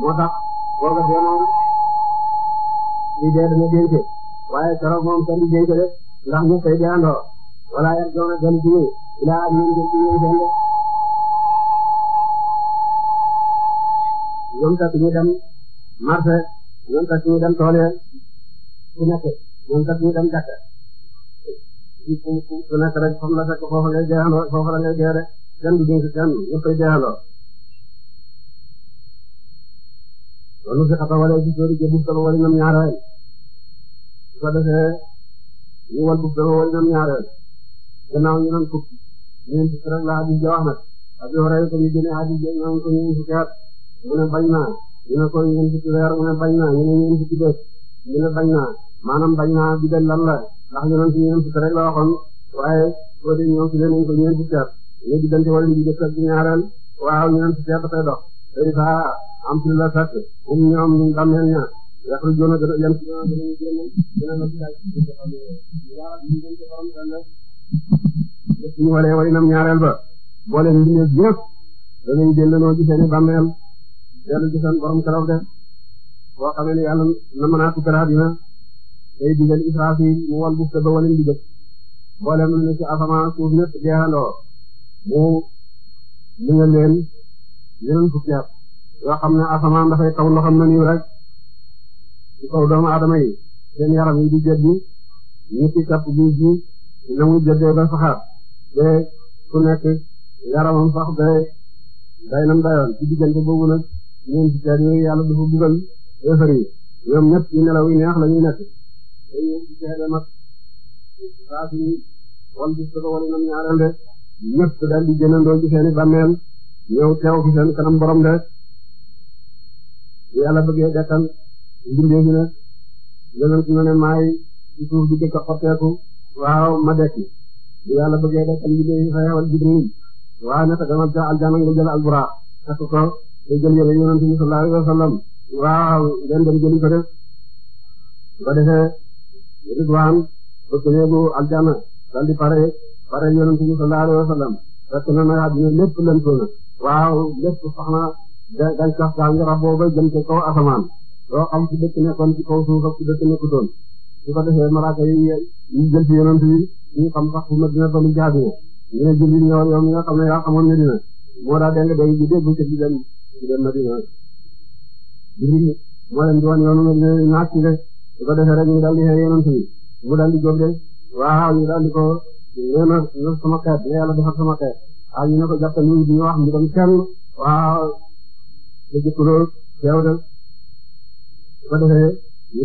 [SPEAKER 3] moo tax boo ko demoon li dee dana waaye keroog moom kenn du jënd de ndax ñu fay jëndoo wala yàlla doon na jënd ci yéen
[SPEAKER 2] ilaa ak yéen jënd ci yéen jënd. ñoom kat ñu dem marché ñoom kat ñu dem tool yi su nekk
[SPEAKER 3] ñoom kat ñu dem jàkka su nekk rek comme la fekk foofu ngay jëndoo foofu la ngay jëndee kenn du jënd ci kenn ñu fay jëndoo. loolu si xataa wala ci sori jënd solo wala ñoom ñaareel. su ko defee ñu wal bu gëm a wal ñoom ñaareel gannaaw ñu doon fukki ñeent fukki rek la hadis ja wax nag Abu ko ñu jëlee hadis ja ñoom ko ñeent fukki at mu ne bañ naa ñu ne ko ñeent fukki weer mu ne bañ naa ñu ne ñeent fukki bés ñu ne bañ naa maanaam bañ naa bi de lan ñu doon fi la waxoon waaye soo dee ñoom fi ñu ko ñeent fukki at ñu diggante wala ñu jëkk ñaareel waaw ñeent fukki at dafay dox te di fa am ci la um ñoom ñu dammeel ñaar yàqu lu joona dana yan dana na suñu walee wari nam ñaareel ba boole mbindeef yëpp danañ dellanoo ci seeni bàmmeel dellu ci seen borom kalaw de boo xamee ne yàlla na mën a tukkalaat dina day digal Israafil mu wal buf te ba walin di jëf boole mu ne ci asamaan suuf ñëpp jeexandoo mu li nga leen yeneen fukki at yoo xam ne asamaan dafay taw loo xam ne nii rek ci doomu aadama yi seen yaram yi di jëddi ñu ci kapp bi ji na muy jëddee ba saxaat te ku nekk yaramam sax day day nam dayoon ci diggante boobu nag ñun ci teen yooyu yàlla dafa buggal yéefar yi ñoom ñëpp ñu nelaw yi neex la ñuy nekk te
[SPEAKER 2] ñun ci teene mag saa si wal bis dafa
[SPEAKER 3] daal di génnandoo ci seen i bàmmeel ñëw teew fi seen kanam borom de yàlla bëggee dekkal mbindeef yi nag yonent na ne maay ci suuf di jëkk a xotteeku waaw ma dekki bu yàlla bëggee dekkal mbindeef yi fa yawal Jibril waaw ne ko demal ca aljana nga jël alburaax takk ko nga jël yére yonent bi sallallahu alayhi wa sallam waaw ngeen dem jëli ko def ba defee ridwaan ba këneegu aljana dal di pare pare yonent bi sallallahu alayhi wa sallam fekk na nag àddina lépp lëntoo na waaw lépp sax na gàncax gaa ngi raboo ba jëm ca kaw asamaan loo xam ci dëkk nekkoon ci kaw suuf ak ci dëkk nekkutoon su ko defee malaaka yi ñu jël ci yonent yi ñu xam sax fu Madina ba mu jaag ñu ne Jibril ñëwal yow mi nga xam ne yaa xamoon Madina moo daa dégg day bu dégg ci di dem di dem Madina Jibril moo leen di wan yoonu Madina naat ci rek su ko defee rek ñu daal di xëy yonent yi mu daal di jóg de waaw ñu daal di ko nee na na sama xeet ne yàlla defar sama xeet waaw ñu ne ko jàppal ñu di wax mu dem kenn waaw da jëkk loolu teew de su ko defee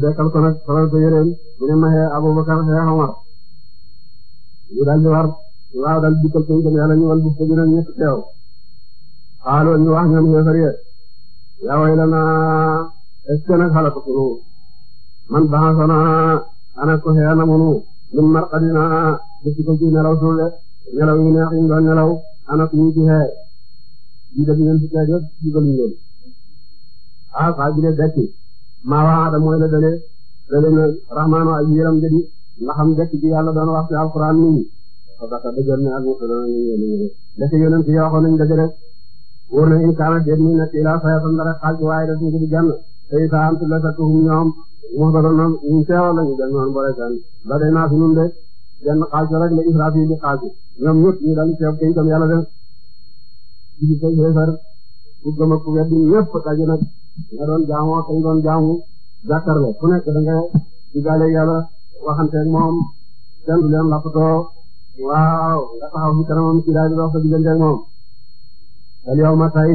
[SPEAKER 3] dekkal ko nag solal ko yëreem ñu ne ma Abubakar xee Omar ñu daal war waaw daal dikkal ko itam yàlla ñu wal bu ko gën a ñett teew xaaloo ñu wax ñoom xeefar ya yaa way la naa est-ce que man baxasa naa ana ko xee na munu min marqadi naa dëkk ko ci nelaw suule nelaw yu neex yi doon nelaw ana ko ñu ci xee ñu def ngeen fi kay def digal ñu leen ah saa bi de dekki maawa adam mooy la dale na rahmaanu aji yërëm jëdi nga xam dëkk yàlla doon wax ci alquran nit ñi sadaka dëgër na ak musulmaan ñu ñu lekk yonent yi waxoon nañ dëgg rek wóor na in kaana déet muy nekk ilaa sayatan dara xaaj waaye def ñu di jànn te isaa am tulla sakkuhum ñoom la day naa fi de jënn xaaj rek la israaf yi di xaaj ñoom ñëpp ñu dañu teew këy tam yàlla def ci ko yéefar ku gëm ak ku nag nga doon jaamoo kañ doon jaamu jàkkaarloo ku nekk da nga diggaale yàlla waxanteeg moom kenn du leen lappatoo waaw nga taxaw fi kanamam ci daal di dox sa digganteeg moom. al yawma tey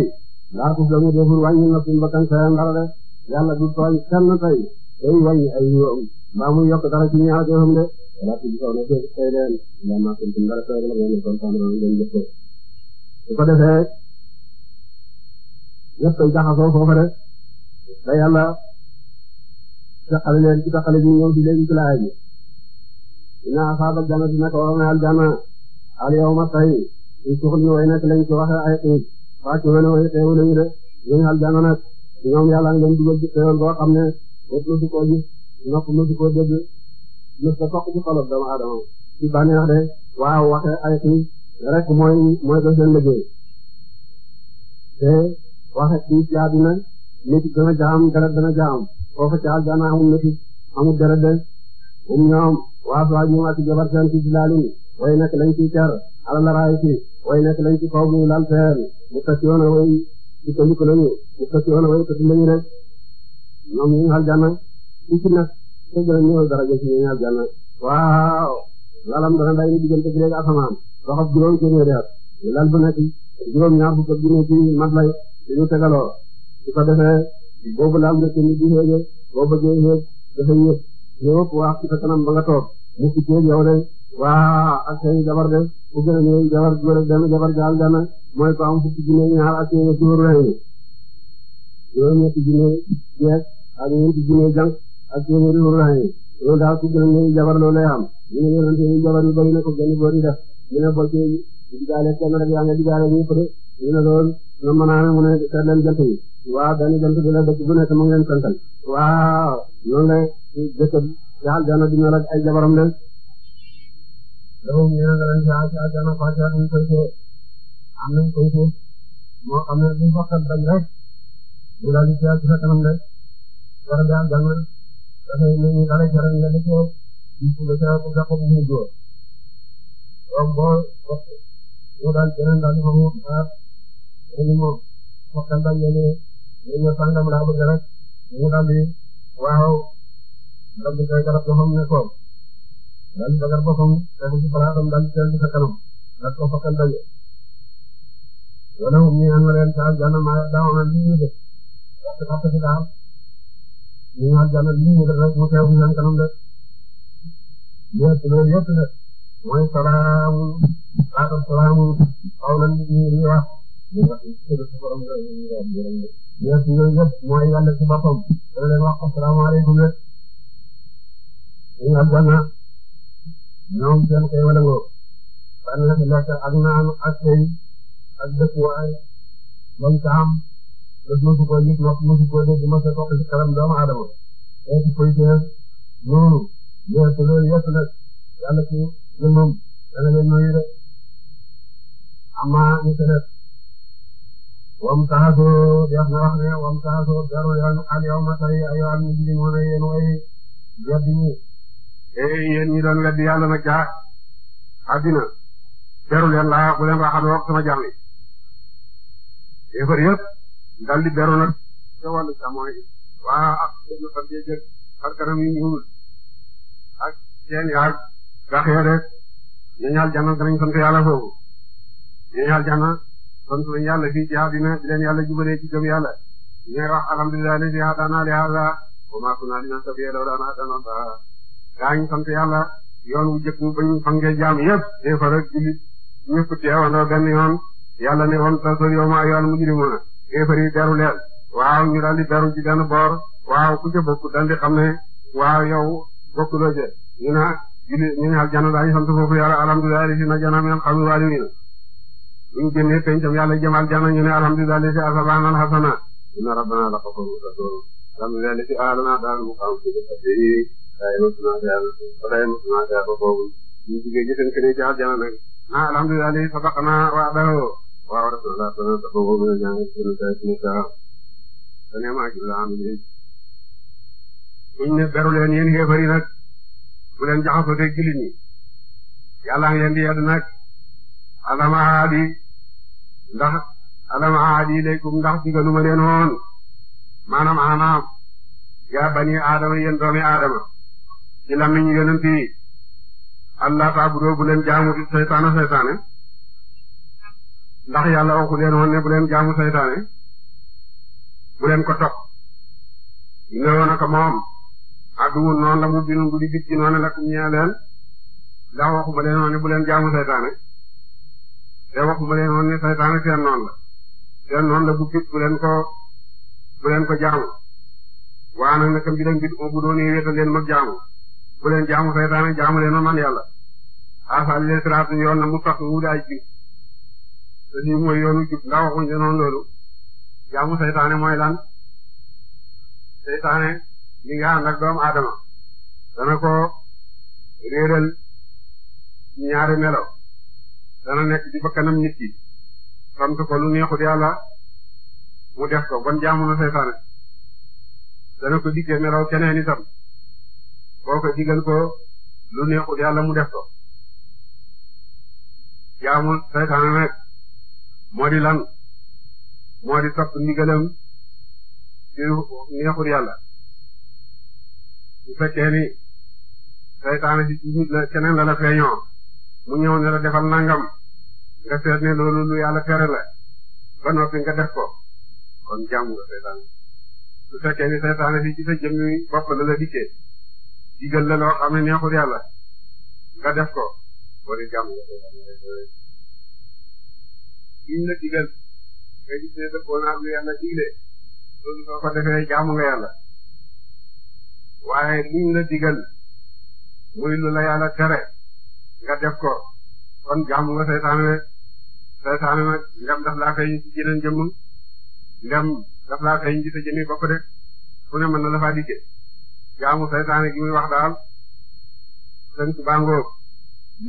[SPEAKER 3] laa tuf la mu defur wàññil na suñu bakkan sa ndara de yàlla du tooñ kenn tey day wàññi ay yoom mbaa muy yokk dara ci ñaar jëfam de
[SPEAKER 2] wala ci kaw na tey tey leen yaa ma ko dara tey la ngeen ko tan do
[SPEAKER 3] ngeen jëf ko su ko defee ñëpp ay jaxasoo foofa de la yàlla ah. taxale leen ci taxale bi ñëw di leen ci laaj ina asaabal jannati naka waroon na aljanna al yawma tay ci suxul ñu way nekk lañ ci waxe ay xiit waa ci wane way xeewu lañu de ñun aljanna nag ñoom yàlla ngi leen dugal ci xeewal boo xam ne bët lu du ko gis nopp lu du ko dégg lu sa toq ci xolof doomu aadama ci bànneex de waaw waxe ay xiit rek mooy mooy def seen liggéey te waxe xiit ci àddina métti dana jaam deret dana jaam foofa ca aljana amul métti amul deret de um ñoom waasuwaaj ñu ak jabar seen ci jilaalin way nekk lañ ci car ala la raay ci way nekk lañ ci kaw muy lal seen mu tasiyoona way ci kandiku lañu mu tasiyoona way tasi lañu rek ñoom ñu aljana ci ci nag te gën a ñëw daraja ci ñu aljana su ko defee boobu la am nga kenn du xëy boo bëggee xëy dafay yëpp ñëpp waa ci kanam ba nga toog mu ci ceeb yow waa ak say jabar de ku gën a ñëw jabar góor jaal dana mooy ko am fukki junne ñaar ak seen góor rëy loolu ñetti junne ku gën a ñëw jabar loolu am ñu ne yonente yi jabar yu bari na ko gën a góor yi def ñu ne boo digaale kenn rek yaa nga digaale ñëpp de ñu ne loolu na mën a mu ne seet leen jant bi waaw benn jant bi la dëkk bu nekk mu ngi leen santal waaw noonu la dëkk jaal dana dina la ay jabaram de
[SPEAKER 2] donc ñu ne leen jaal jaal dana fàtte ak ñu koy tuur am nañ koy tuur moo xam ne bu faqat bañ rek ñu daal di jaal ci sa kanam de war a jaal dana dafay ne ñu dara jaral nga dëkk ci ci la jaal bu dàqu bu mu góor donc boo ñu daal beneen daal di fa mu xaar ñu moom waxtaan ba ñu ne ñun sangam laa bëgg rek ñu daal di waaw daal di koy garab loxoom ne ko daal di bëgg boppam te du ci faraatam daal di teel di sa kanam daal ko fakkan
[SPEAKER 3] daje. wala moom ñu ànd leen daal jàmm maa daaw na li ñu def parce que parce que daal ñu ñëwaat jàmm li ñu def rek mu teew ci seen kanam de
[SPEAKER 2] yéen loolu yëpp de mooy salaamu xaaral salaamu xaw nañu ñu wax. ñeent yooyu yëpp mooy yàlla ci boppam dana leen wax asalaamaaleykum rek
[SPEAKER 3] ñu aljanna ñoom seen kay wala ngoo bànneex lekk ak naan ak xëy ak dëkkuwaay loolu taam bés mosu ko gis
[SPEAKER 2] mos mosu ko dégg mos a toq ci kanam doomu aadama xeeti policier noonu ñeent loolu yëpp nag yàlla ci ñun moom dana leen nuyu de
[SPEAKER 3] amaa ñu ko def wam taasoo def na wax ne wam taasoo beru leen al yawma tey ayo al mujrimuuna yéen way weddi ñi ee eh, yéen ñi doon weddi yàlla nag ca àddina beru leen laa bu leen raxaloog sama jàmm yi yéefar yëpp dal di beru nag
[SPEAKER 2] ca wàllu càmmooñ waa ak seen fan cee jëkk
[SPEAKER 3] ak kanam yu ñuul ak seen yaag gax ya rek ñañaal jànna danañ sant yàlla foofu ñañaal jànna sant nañu yàlla fii ci àddina di leen yàlla jubalee ci gëm yàlla ñu ngi wax alhamdulilah li fi hadaana li haaza wa maa kunnaa linahtadiya lawlaa an hadaana Allah yoon wu jëkk fangee jaam yëpp des fois rek jullit ñëpp teewandoo benn yoon yàlla ne woon tasor yow maa yoon mujrimuna kéefar yi beru leen waaw ñu daal di beru boor waaw ku ca bokk daal di xam ne waaw ñu ne ñu ne aljana daañu sant foofu yàlla alhamdulilah ñu génnee pencam yàlla jëmal jana ñu ne alhamdulilah li si asabana alhasana inna rabbana
[SPEAKER 2] la xafaru kasoor alhamdulilah li si alana daal mu xam fi dafa dee day ma suma daal ba day ma suma daal ba boobu ñu jigéen ji seen keneen ci aljana nag
[SPEAKER 3] ah alhamdulilah li sabaqana
[SPEAKER 2] wa dawo waaw rek na laa sana dafa boobu na ñaan seen sa seen sa te ne maa jula am leen ñu ne beru leen yéen xeefar yi nag
[SPEAKER 3] bu leen jaxasoo ndax alam aadi ilaykum ndax digaluma leen woon maanaam anaam yaa bani aadama yéen doomi aadama ci lamiñ yonent allah ta'budu bu leen jaamu di seytaane ndax yàlla waxu leen woon ne bu leen jaamu seytaane bu leen ko topp woon ko moom adduwun noonu la mu binun bu di bit ci noonu la kum ñee leen ndax waxuma leen woon ne bu leen jaamu seytaane te waxuma leen woon ne saytaane seen noonu la seen noonu la bu fit bu ko bu ko jaamu waa nag naka mbiram bi bu doonee wéetal leen mag jaamu bu jaamu saytaane jaamu leen man yàlla aasal leen siraatu yoon na mu tax wu daay ci te lii mooy yoonu jub ndax waxuñ ne loolu jaamu saytaane mooy lan saytaane li nga ànd ak doomu aadama dana ko ñaari melo dana nekk ci bakkanam nit ki sant ko lu neexul yàlla mu def ko bon jaamu seytaane dana ko diggee melaw keneen itam boo ko digal ko lu neexul yàlla mu def ko jaamu seytaane nag moo di lan moo di topp ndigalam ci neexul yàlla bu fekkee seytaane keneen la la feeñoo mu ñëw ne la defal nangam nga seet ne loolu lu yàlla tere la ba noppi nga def ko
[SPEAKER 2] kon jàmm nga seytaan
[SPEAKER 3] su fekkee ni seytaane fii ci sa jëmmi bopp la la dikkee digal la loo xam ne neexul
[SPEAKER 2] yàlla nga def ko boo di jàmm nga seytaan liñ la digal nga gis ne dëppoo naa lu yàlla digle loolu soo ko defee jaamu nga yàlla
[SPEAKER 3] waaye liñ la digal muy lu la yàlla tere nga def ko kon jaamu nga seytaane rek seytaane nag ndem daf laa daf laa feeñ ci sa jëmmi bopp rek fu ne mën na la faa dikke jaamu seytaane gi muy wax daal sëñ Tuba Ngor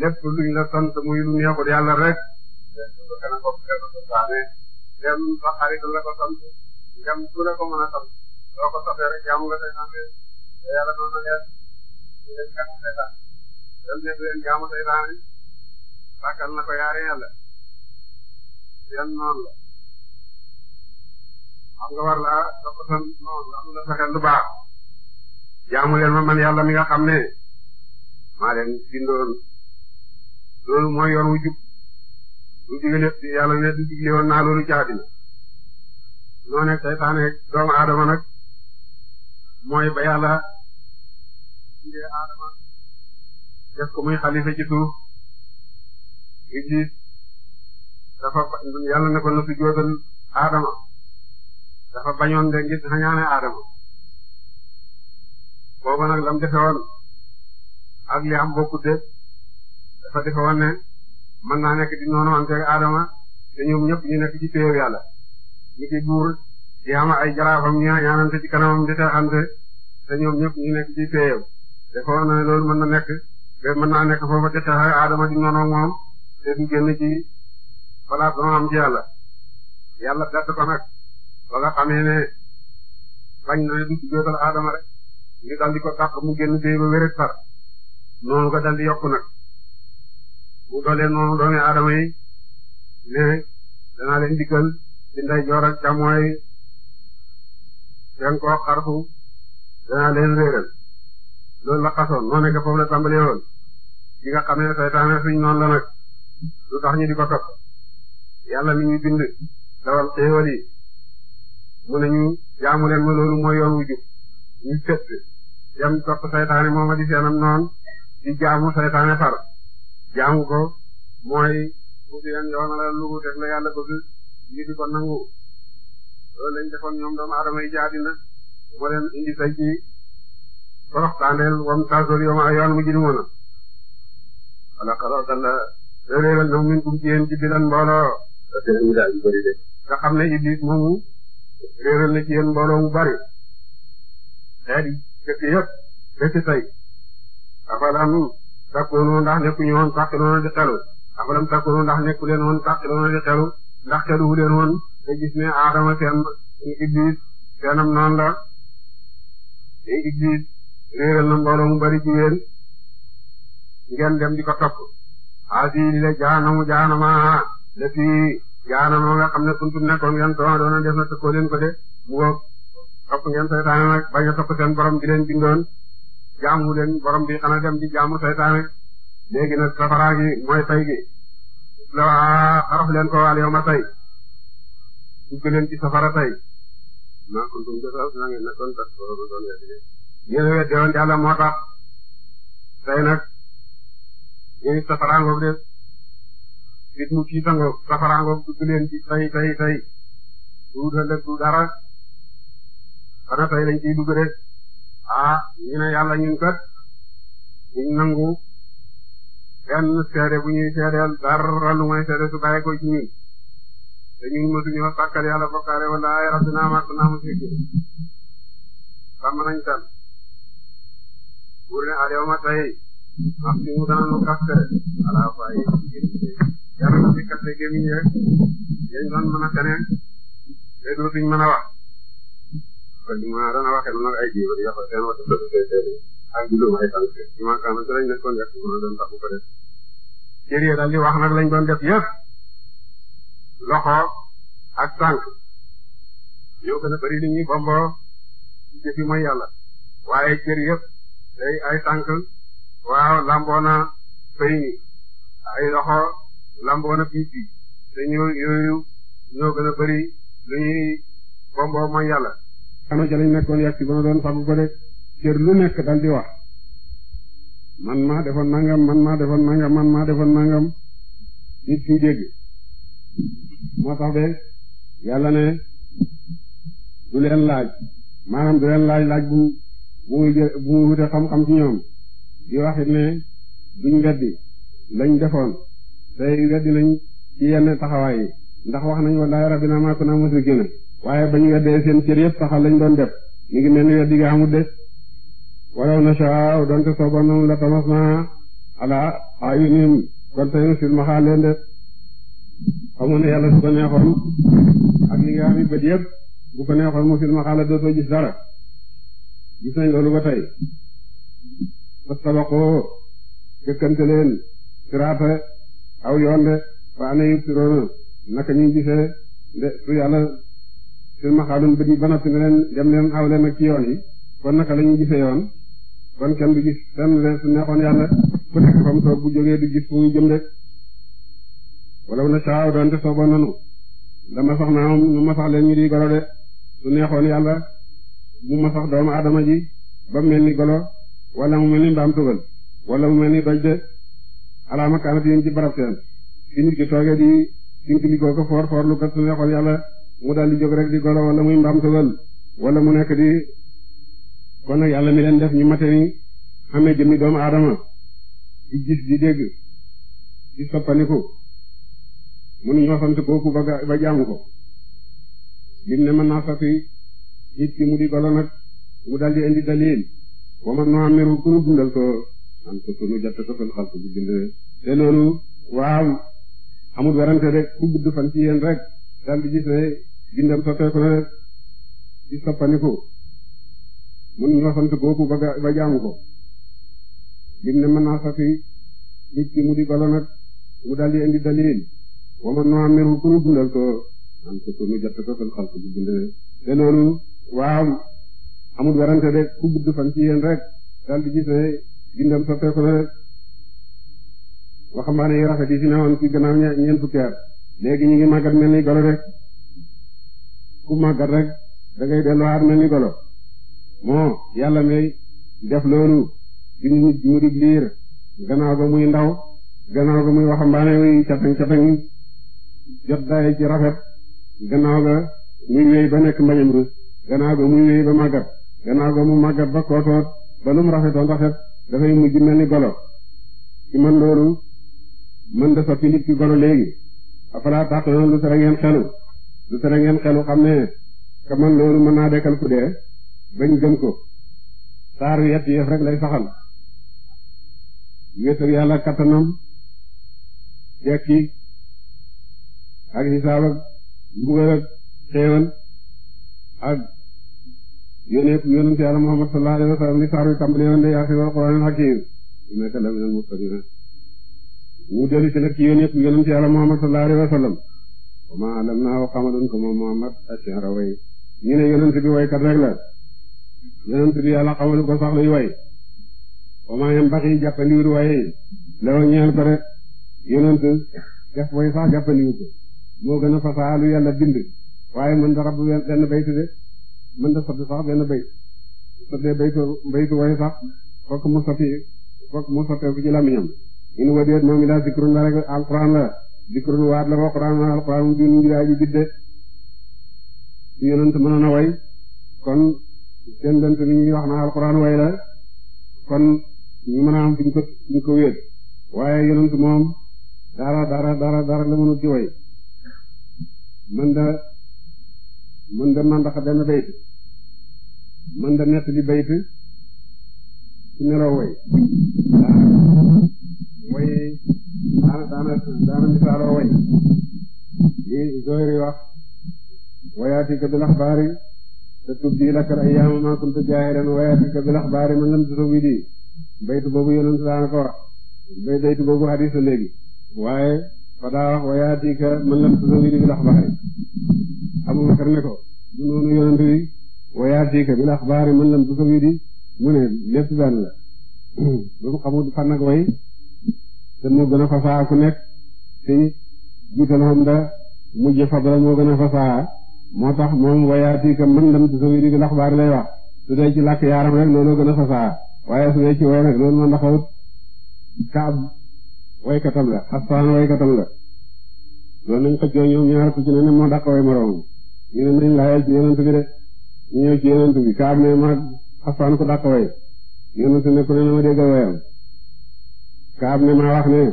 [SPEAKER 3] lépp luñ la sant muy lu neexul yàlla rek
[SPEAKER 2] dem ba gën a bopp gën a seytaane dem sa xarit la ko sant dem ku la ko mën a sant nga seytaane te dem ne bu leen jaamu seytaane sàkkal na ko yaari yàlla seen noonu la xam nga war laa topp
[SPEAKER 3] sa noonu am la sa xel lu baax jaamu leen ma man yàlla mi nga xam ne maa leen bindoon loolu mooy yoon wu jub lu digle yàlla ne du digle woon naa loolu jaadina noo ne seytaane doomu
[SPEAKER 2] aadama nag mooy ba yàlla indee aadama def ko muy xalifa ci suuf Iblis
[SPEAKER 3] dafa yàlla ne ko na su Adama dafa bañoon de ngir xañaane Adama booba nag lam defe woon li am bokkute dafa defe woon ne nekk di noonu ante Adama te ñoom ñëpp ñu nekk ci péew yàlla ñi ci buur di am ay jaraafam ña ñaanante ci kanamam di xeexante te ñoom ñëpp ñu nekk ci péew defe na loolu mën na nekk te mën naa nekk foofa te taxaw aadama di noonu moom te du génn ci place ba am ci yàlla yàlla bett ko nag ba nga xamee ne bañ na ne du sujjóotal aadama rek ñu dal di ko tax mu génn tey ba wéret far noonu ko dal di yokku nag bu doolee noonu doomi aadama yi ne danaa leen dikkal ci ndeyjoor ak càmmooy fen koo xarfu danaa leen réeral loolu la xasoon noo nekk foofu la tàmbalee woon li nga xam ne saytaane la nag lu tax ñu di ko topp yàlla mi ñu bind dawal xéewal mu ne ñu jaamu ma loolu mooy yoon wu jub ñu fett dem topp saytaane mooma di seenam noonu di jaamu saytaane far jaamu ko mooy bu fi leen yoonalal lu mu def la yàlla bëgg ñu di ko nangu loolu lañ defoon ñoom doomu aadama yi jaadina moo leen indi tey ci toroxtaandeel wam tasol yooma yoon mu jëli woon laqad adalla na iblis moomu réeral na ci yéen mu bari xeet yi jëkk yëpp dëkk tey afalam ndax nekkuñu woon tàqiloona di xelu ndax xelu ndax woon te gis ne aadama iblis seenam noonu la iblis réeral na mbooloo bari ci ngeen dem di ko topp haadi li la jaanamu jaanama lati jaanama nga xam ne kuntum nekkoon ngeen doona def na tëkkoo leen ko de mu ngoog topp ngeen saytaane nag bañ a topp seen borom di leen bindoon jaamu leen borom bi xana dem di jaamu saytaane léegi nag safaraa gi mooy fay gi la waa leen ko waal yow ma tey dugg leen ci safara tey
[SPEAKER 2] maa kuntum de sax naa ngeen nekkoon tas borom doon weddi
[SPEAKER 3] yéen a weddi woon yàlla moo tax tey nag yéen it safaraangoog de nit mu tiitangoog safaraangoog dugg leen ci tay tay tay du ëllëg du dara xanaa tay lañ ciy dugg rek ah, ñu ne yàlla ñun kat ñu nangu benn seede bu ñuy seedeel dara lu may su bàyyi ko ci ñun te ñun mosuñoo sàkkal yàlla bokkaale wala ay rabbinaa ma kunna mushrikiin
[SPEAKER 2] sàmm nañ tan pour ne al yawma am ci mu daan lu kaste ala bàyyi yàlla na fi kaste gémmiñ rek dañ doon mën a feneen te dootuñ mën a wax kon ñu ma dana waxee nag ay jiw yàlla seen wata sososee ak jullum ay tànk ci maakaama ci lañ nekkoon yàq mën a doon tax bu ko def cër yi daal di wax nag lañ doon def yëpp loxo ak tànk ñoo gën a bari li ñuy bomboo
[SPEAKER 3] jëfi mooy yàlla waaye cër yëpp day ay tànk waaw lamboona fay ay loxo lamboona piis yi te ñoo yooyu ñoo gën a bëri lu bomboo mooy yàlla xanaa jëlañ nekkoon yàgg si ba doon fabu ba de cër lu nekk dal di wax man maa defoon nangam man maa defoon nangam man maa defoon nangam nit ki dégg moo tax de yàlla ne du leen laaj maanaam du leen laaj laaj bu bu muy bu muy xam-xam ci ñoom di waxit ne duñ weddi lañ defoon tey weddi nañ ci yenn taxawaay yi ndax wax nañ wallaahi rabbina maa kunna musrikiina waaye bañ weddee seen cër yëpp saxal lañ doon def mi ngi mel ni weddi ga amut de walaw nashaa donte sooboon nañu la tamasnaa ala ayunihim kon tey silmaxaa leen de xamu ne yàlla su ko neexoon ak li nga am bët yëpp bu ko neexoon mu silmaxaa la dootoo gis dara gis nañ loolu ba tey ba sabaqoo jëkkante leen siraata aw yoon de fa ana yubsiroona naka ñuy gisee de su yàlla seen maxaalum bët yi ba noppi ne leen dem leen aw leen ak ci yoon yi kon naka la ñuy yoon kon kenn du gis fenn de su neexoon yàlla ku nekk fa mu bu jógee du gis fu muy jëm de wala na caaw
[SPEAKER 4] doonte sooboon nanu dama sax naa nu ma sax ñu di golo de su neexoon yàlla mu ma sax doomu aadama ji ba mel ni golo wala mu mel ni mbaam tugal
[SPEAKER 3] wala mu mel ni doj de alaama kaanati yéen ci barab seen fi nit ki toogee di sinklikoo ko foor foor lu kat su yàlla mu daal jóg rek di golo wala muy mbaam tugal wala mu nekk di kon nag yàlla mi leen def ñu mate ni xamee jëmmi doomu aadama di gis di dégg di soppaniku mënuñoo sant kooku ba jaamu ko lim ne naa soppi nit ki mu di golo nag mu daal indi dalil wama nu amiru ku nu dundal ko an ko sunu jatte ko fil xalq bi bind te noonu waaw amul warante rek ku gudd fan ci yéen rek dal di gis ne bindam soppeeku na rek ci soppaniku mun na kooku ba jaamu ko lim ne mën naa soppi nit ki mu di balo nag mu dal di indi dalil wama nu amiru ku nu dundal ko an ko sunu jatte ko fil xalq bi bind te noonu waaw amul werante de ku gudd fan ci yéen rek daal di gis ne gindam na waxambaane yi rafet yi fi newoon ci gannaaw ñeent fukki at léegi ñu ngi màggat mel ni golo rek ku màggat rek da delluwaat mel ni golo moo yàlla may def loolu di mu di liir gannaaw ba muy ndaw gannaaw ba muy waxambaane muy catañ catañ
[SPEAKER 4] jot day ci rafet gannaaw ga muy wéy ba nekk mbañam rus gannaaw ga muy wéy ba màggat gannaaw ga mu màggat ba kootoot ba lu mu rafetoon rafet dafay mujj mel ni golo ci man loolu mën da soppi nit golo léegi
[SPEAKER 3] afalaa tàqloon lu tere xelu lu tere xelu xam ne ka man loolu mën naa dekkal ku dee bañ gëm ko saaru yett yëf rek lay saxal wéetal yàlla kattanam dekki ak xisaab ak mbugal ak xéewal ak yónnee yónnent Yàlla Muhammad sallallahu alayhi wa sallam li saar wi tàmbalee woon de Yaasiin wal Qur'aanil hakiim innaka ci nag ci yónnee Muhammad sallallahu alayhi wa sallam wa maa allamnaahu xamaloon ko moom Muhammad ash-shi'ra way ñu ne yónnent bi waykat rek la yónnent bi Yàlla xamalu ko sax luy way wa maa yanbaghi jàppandiwut waaye law ñeel ko rek yónnent def way sax jàppandiwut ko moo gën a fasaalu Yàlla bind waaye mën dara bu benn baytu de mën da sotti sax benn bayt sottee baytu baytu way sax fokk mu sotti fokk mu sottee ku ci lamiñam in wa déet moom i laa zikrun la rek alquran la zikrun waat la ko quran la alquran bi ñu jiraa ji bidde su yonent mënoon a way kon seen dent bi ñuy wax na alquran way la kon ñu mën a am fuñ ko fuñ ko wéet waaye yonent moom dara dara dara dara la mënut ci way mën da mën da mandax benn bayt mën da nett li bayt ci meloo woy woy daana daana daana misaaloo woy li Zuhri wax wayaatika bil axbaari te tubdi lakal ayyaama maa kunta jaahilan wayaatika bil axbaari man lam tusawwidi baytu boobu yonent daana ko wax bay baytu boobu hadiis la léegi waaye fa daa wax wayaatika man lam tusawwidi bil axbaari Abubakar ne ko du noonu yonent wi wayaatiika bil axbaari man mën tusawidi mu ne lépp benn la ba mu xamul fan ak way te moo gën a fasaa ku nekk te jiital xam da mujj fabra moo gën a fasaa moo tax moom wayaatiika man lam tusawidi bil axbaari lay wax su dee ci làkk yaaram rek looloo gën a fasaa waaye su dee ci way nag loolu man la xawut kaab waykatam la xasaan waykatam la loolu nañ xëccoo ñoom ñaar ku ne ne moo dàq way moroom ñu ne nañ laayal ci yonent ñu ñëw ci yonent bi kaab ne mag xasaan ko dàq way yonent ne ku ne na ma déggal wayam kaab ne maa wax ne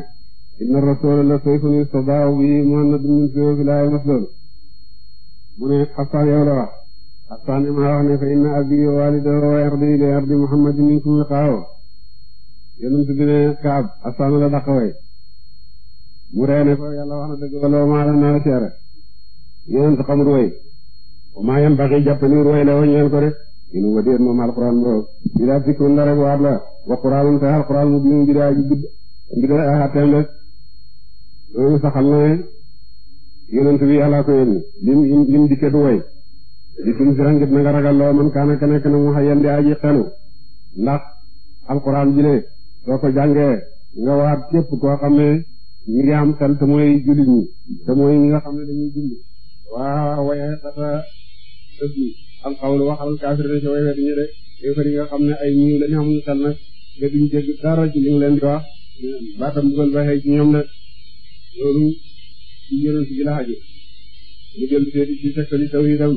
[SPEAKER 3] inna rasuula la sayfun yustadaaw bi muhammadun min suyuufillaahi masdar mu ne xasaan yow la wax xasaan ne maa wax ne fa inna abi wa waalidahu wa ardi li ardi muhammadin minkum liqaahu yonent bi ne kaab xasaan la dàq way mu reene ko
[SPEAKER 1] yàlla wax na dëgg wala
[SPEAKER 3] maa la naa la seere yonent xamul way maa yan baxi jàpp ni roy la wañeel ko de inu wa déet moom alxuraan bro di laa sikkun la rek waat la wa qur'aanun te alxuraan mu
[SPEAKER 4] bi daa ngi da aatteem de loolu saxal na way li tum si rangit na nga ragal loo
[SPEAKER 3] man kaana ka nekk mu xayyan di aji xelu ndax alxuraan ji le soo ko jàngee nga waat képp koo xam ngi am xel te mooy jullit ñi te mooy nga xam dañuy julli waa waye xata dëkk yi alxawlu waxal kaafirina ci way weddi ñi de yéefar yi nga xam ne ay ñii lañu xamuñu xel nag nga duñu dégg dara ci li nga leen di wax baatam bugal baxee ci ñoom de loolu ci yonent bi la xaju ñu dellu seeti ci tegtali tawhidam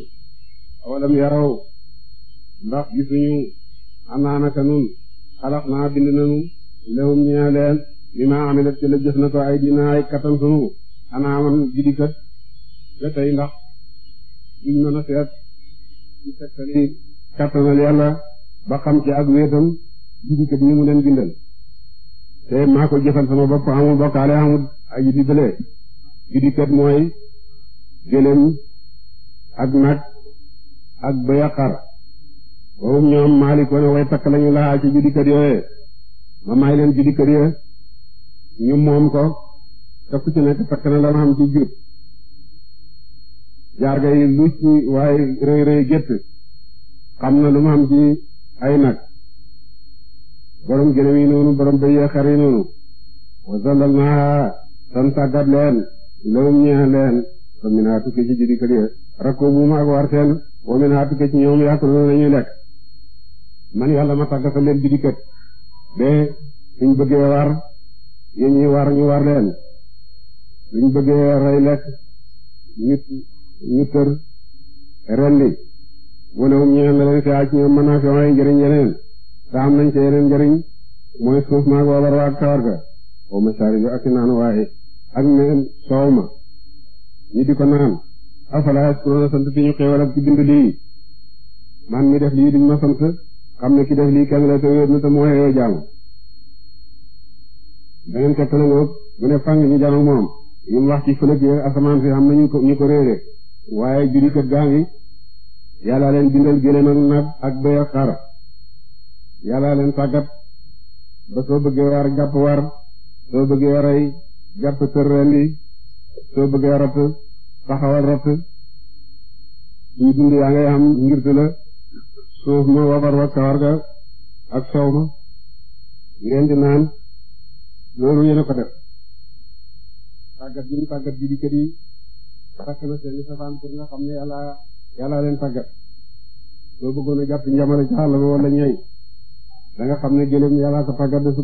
[SPEAKER 3] awalam yaraw ndax gisuñu anaanaka nun xalax naa bind nanu lewum ñee leen li ma amilat ci la jëf na ko ay dina ay kattan sunu anaaman jiddikat ba tey ndax duñ mën a seet
[SPEAKER 2] di fekkali
[SPEAKER 4] kattanal yàlla ba xam ci ak wéetam jigi kët ni mu leen bindal te maa ko jëfal sama bopp amul bokkaale amul aji di kët mooy gëlëm ak nag ak bëy xar boobu ñoom maalik wane way takk lañu laa ci judi kër yooyee ma may leen judi kër yooyee ñu moom ko te ku ci nekk takk na la xam ci jub jaar gay lu ci waaye rëy rëy gétt
[SPEAKER 3] xam na lu mu ay nag borom gëlëm yi noonu borom bëy yee xar yi noonu wasalal naa tan tàggat leen lawum ñeex leen fa mi naa tukke ci judi kërie rakkoo buuma ak war seen wa mi naa tukke ci ñoom yàquloo lañuy lekk man yàlla ma tàggatal leen judi kët de suñ bëggee war yi ñuy war ñu war leen suñ bëggee rey lekk nit ñu tër rendi wala um ñeen la leen fi aac ñoom mën naa fi waaye njëriñ yeneen te am nañ ci yeneen njëriñ mooy suuf maag ak naan waaye ak meen soow ma ñi di ko naan afala yaskuruuna sant fi ñu xéewal ak ci bind lii man mi def lii duñ ma sant xam ne ki def lii kenn la te wéet na te moo xeeyoo jàmm beneen tegtale ngoog mu ne fàng ñu jàmm moom yi wax ci fëlëg asamaan fi xam na ñu ñu ko réere waaye juri kët gaa ngi yàllaa leen bindal gëléem ak
[SPEAKER 4] nag ak bëy ak xar leen tàggat ba soo bëggee war jàpp war soo bëggee rey jàpp tër rendi soo bëggee rott taxawal rott suy dund yaa ngay am ngirtu la suuf ma wabar wa kawar ga ak soow ma ngeen di naan loolu yéen ko def tàggat gi ñu tàggat kët yi
[SPEAKER 3] parce que seeni safaan pour nga xam ne yàlla yàlla leen tàggat soo bëggoon jàpp njamano ci ba wala ñay da xam ne gëléem yàlla ko tàggat da soo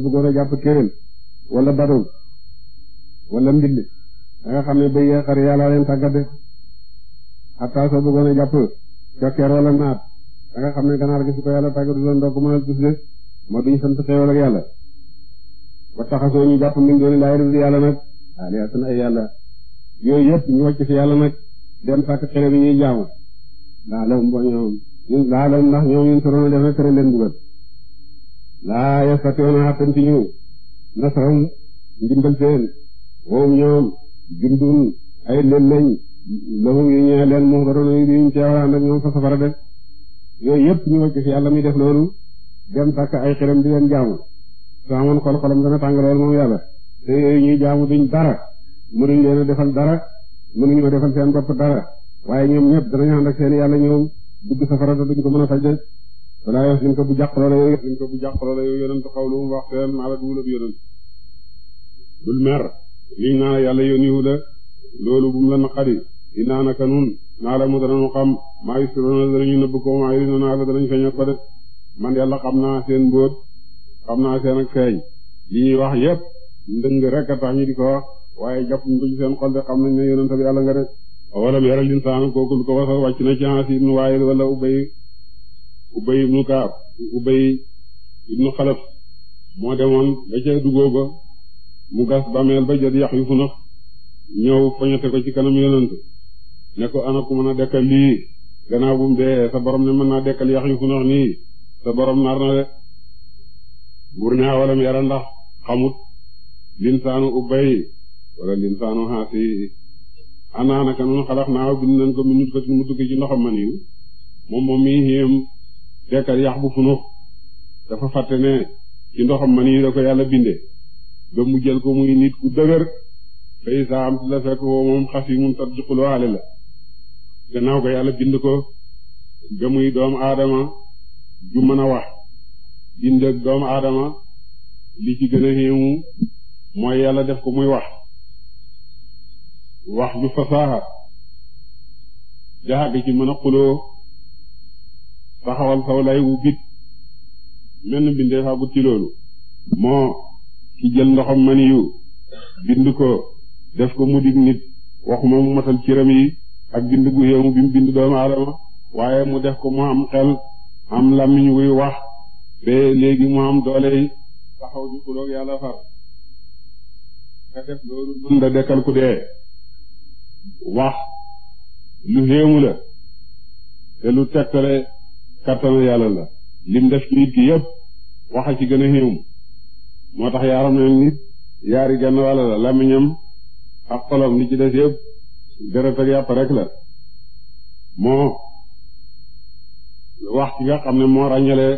[SPEAKER 3] bëggoon jàpp kéréel wala badool wala mbill da xam ne bëy yee yàlla leen tàggat de xataa soo bëggoon jàpp jokkeer wala naat da xam ne ganaar gi su ko yàlla tàggatu doon doo ko mënal tus de moo duñ sant xéewal ak yàlla ba taxasoo ñu jàpp min dooni laay dudi yàlla nag aliatan ah, ay yàlla yooyu yëpp ñu wàcc fi yàlla nag dem sàkk xere bi ñuy jaamu laa lam bo ñoom ñun laa lam ndax ñoom ñun toroona def na tere leen
[SPEAKER 4] dugal laa yastationa xàttan ci ñu nasram ndimbal seen woom ñoom jundun ay leen lañ yu
[SPEAKER 3] ñee leen moom ba doon yu ñu teewaan ak ñoom yooyu yëpp ñu wàcc ci yàlla mi def loolu dem takk ay xiram di leen jaamu su amoon xol-xolam dana tàng loolu moom yàlla te yooyu ñuy jaamu duñ dara mënuñ leen defal dara mënuñoo defal seen bopp dara
[SPEAKER 4] waaye ñoom ñëpp danañ ànd ak seen yàlla ñoom dugg safara duñ ko mën a faj de wala yox ko bu jàqaloo la yow liñ ko bu jàqaloo la yow yonent xawlu wax seen maa la duwul ab yonent bul mer liñ naa yàlla yónniwu la loolu bu mu la naqari dinaa naka nun naa la mu danañu xam maa ngi suroona danañu nëbb ko maa ngi naa la danañu feeñal ko de man yàlla xam naa seen mbóot xam naa seen ak feeñ li ñuy wax yépp ndëng rek a tax ñu di ko wax waaye jàpp ñu ci seen xol de xam nañ ne yonent bi yàlla nga de wala mu yaral insaan moo demoon ba ca dugoo ba mu gas bàmmeel ba jot yax yu fu nax ñëw poñete ko ci kanam yonent ne ko ana ku mën a dekkal lii gannaaw bu mu sa borom ne mën naa dekkal yax yu fu nii sa borom nar na de buur ne awalam yara ndax xamut linsaanu ubbay wala linsaanu haasi anaa naka nun xalax naaw bind nañ ko mu nut fatin mu tukki ci ndoxam man yu moom moom mi xéem dekkal yax bu funux dafa fàtte ne ci ndoxam man yi la ko yàlla binde ba mu jël ko muy nit ku dëgër fay saa am si la fekk woo moom xas yi mun tat juqulwaale la gannaaw ga yàlla bind ko ga muy doomu aadama ju mën a wax bind ak doomu aadama li ci gën a xéemu mooy yàlla def ko muy wax wax ju fasaaxa jaxag ci mën a xuloo taxawal saw lay wu bit menn bindee faagut ci loolu moo ci jël ndoxam maniyu bind ko def ko mu dig nit waxuma mu matal ciram yi ak bind gu yéemu bi mu bind doomu aadama waaye mu def ko mu am xel am làmmiñ wuy wax ba léegi mu am doole taxaw di xuloog yàlla far lu xéemu la te lu tegtale kattanu yàlla la lim def ci nit ki yëpp waxa ci gën a moo tax yaaram ne nit yaari genn wàll la làmmiñam ak xolam li ci des yëpp deret ak yàpp rek la moo wax ci nga xam ne moo ràññale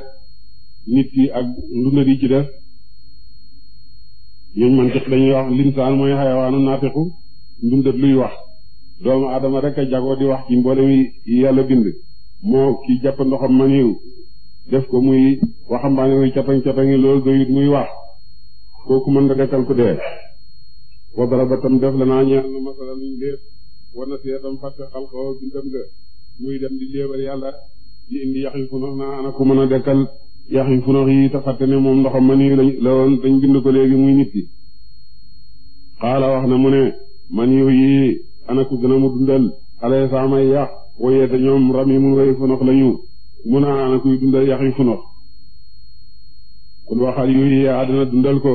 [SPEAKER 4] nit ki ak ndunda di ci def ñuñ man ci dañuy wax linsaan mooy xayawaanu naafiqu ndundat luy wax doomu aadama rek a jagoo di wax ci mboolem yàlla bind moo ki jàpp ndoxam ma def ko muy waxambaane muy cataŋ cataŋi loolu doyut muy wax kooku mën da gàkkal ku dee wa dara tam def la naa ñaan masalan lépp wana seetam fàtte xalqoo bindam nga muy dem di léebal yàlla di indi yax yu funox naa ana mën a dekkal yax yu funox yi te fàtte ne moom ndoxam ma nii lañ la woon bind ko léegi muy nit ki xaala wax na mu ne man yu yi ana ko gën a mu dundal ale saamay yax woyee te ñoom ram yi mun way funox lañu mun a ana dundal yax yu funox kul waxal yu yi àddina dundal ko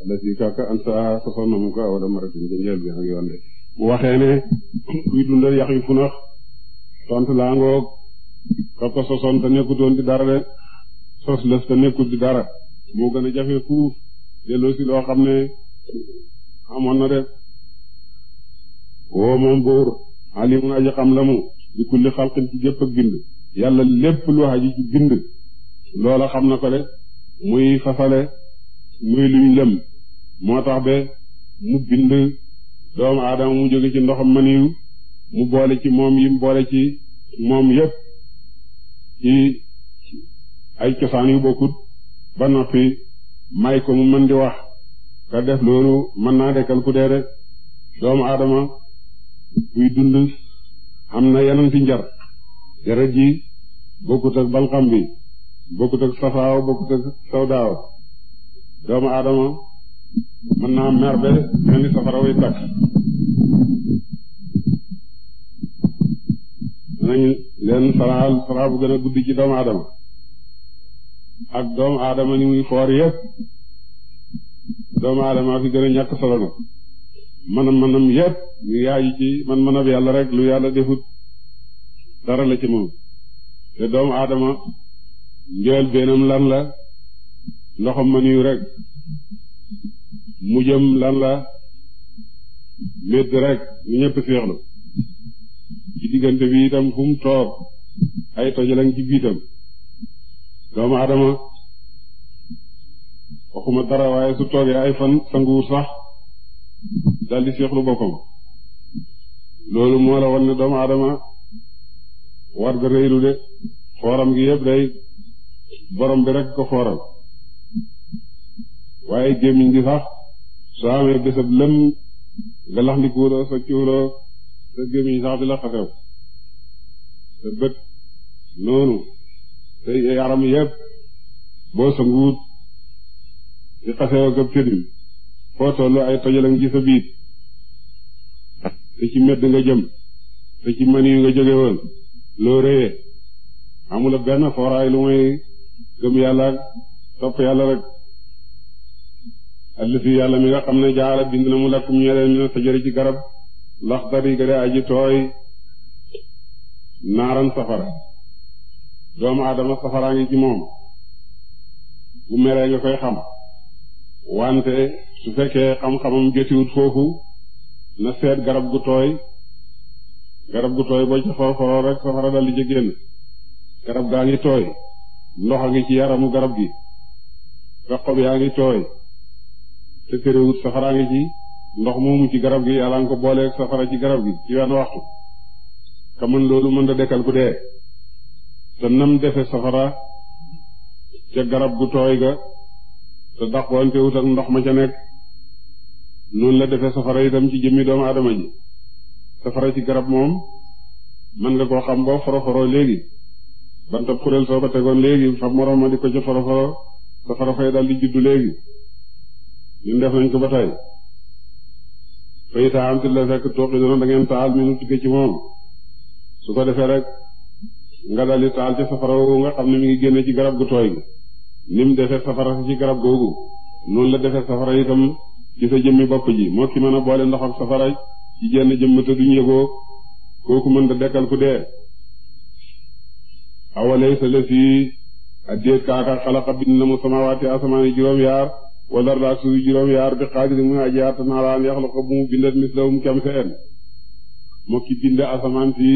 [SPEAKER 4] ala si kàkka an sa sosoon na mu ko wala maratin jënjël bi ak yoon de bu waxee ne kuy dundal yax yu funax tontu laa ngoog ka ko sosoon te nekkutoon di dara de sos lëf te nekkut di dara moo gën a jafe fuuf delloo si loo xam ne amoon na de woo moom buur alimun aji xam la mu di kulli xalqin ci gépp bind yàlla lépp lu aji ci bind loola xam na ko de muy fasale muy luñ lëm moo tax ba mu bind doomu aadama mu jóge ci ndoxam maniyu mu boole ci moom yi mu boole ci moom yépp ci ay cosaan yu bokkut ba noppi may ko mu mën di wax ka def loolu mën naa dekkal ku dee doomu aadama buy dund am na yeneen njar deret ji bokkut ak balxam bi bokkut ak safaaw bokkut ak sawdaaw doomu aadama mën naa mer be mel ni safara wuy tàkk danañ leen saraal saraa bu gën a guddi ci doomu aadama ak doomu aadama ni muy foor yëpp doomu aadama fi gën a ñàkk solo na manam manam yëpp ñu yaayu ci man manab yàlla rek lu yàlla defut dara ci moom te doomu aadama njool beenam lan la loxom ma niyu rek mujjam lan la médd rek ñu ñëpp séexlu ci diggante bi itam fu mu toog ay tojalañ ci biitam doomu adama waxuma dara waaye su toogee ay fan sanguwut sax daldi séexlu boppam loolu moo la wan ne doomu adama war da réylu de xooram gi yëpp day borom bi rek ko xooral waaye gémmiñ gi sax soo amee bésab lëm nga lax sa cuwuloo sa gémmiñ sax di la xasew sa bët noonu sa yaram yépp boo sa nguut di xasew ak ab tëddim foo tollu ay tojalan ci sa biit te ci medd nga jëm te ci mën yu nga jóge woon loo rëyee amula benn fooraay lu may gëm yàlla topp yàlla rek allati yàlla mi nga xam ne jaara bind na mu lakkum ñeereen mi na sajari ci garab laxdari ga de aji tooy naaran safara doomu aadama safaraa ngi ci moom bu meree nga koy xam wante su fekkee xam-xamam jotiwut foofu na seet garab gu tooy garab gu tooy boo ci forforoo rek safara dal di garab gaa ngi tooy ndox a ngi ci yaramu garab gi ga xob yaa ngi tooy te terewut safara ngi ci ndox moomu ci garab gi yàlla nga ko booleeg safara ci garab gi ci wenn waxtu ka loolu mën da dekkal ku dee te nam defe safara ca garab gu tooy ga te daqoonte wut ak ndox ma ca nekk noonu la defe safara itam ci jëmmi doomu aadama ji safara ci garab moom mën nga koo xam boo foroforo léegi bantab kuréel soo ko tegoon léegi fa moroom ma di ko ca foroforo safara fay dal di juddu léegi ñun def nañ ko ba tey fay taam ti la fekk tuuqi dina da ngeen taal mi nu tukkee ci moom su ko defee rek nga dali taal ci safara woowu nga xam ne mi ngi génne ci garab gu tooy ni mu defee safara ci garab googu noonu la defee safara itam ci sa jëmmi bopp ji moo ki mën a boole ndox ak safara ci jenn jëmm te duñ yëgoo kooku mën da dekkal ku dee awalay sa lëf yi a déet kaaka xalaqa bind na mu samawaati asamaan yi juróom yaar wala daal suuf juróom yaar bi xaajal muy aji attan alaan yaxluqa bu mu bindal mislahum kem seen moo ki bind asamaan si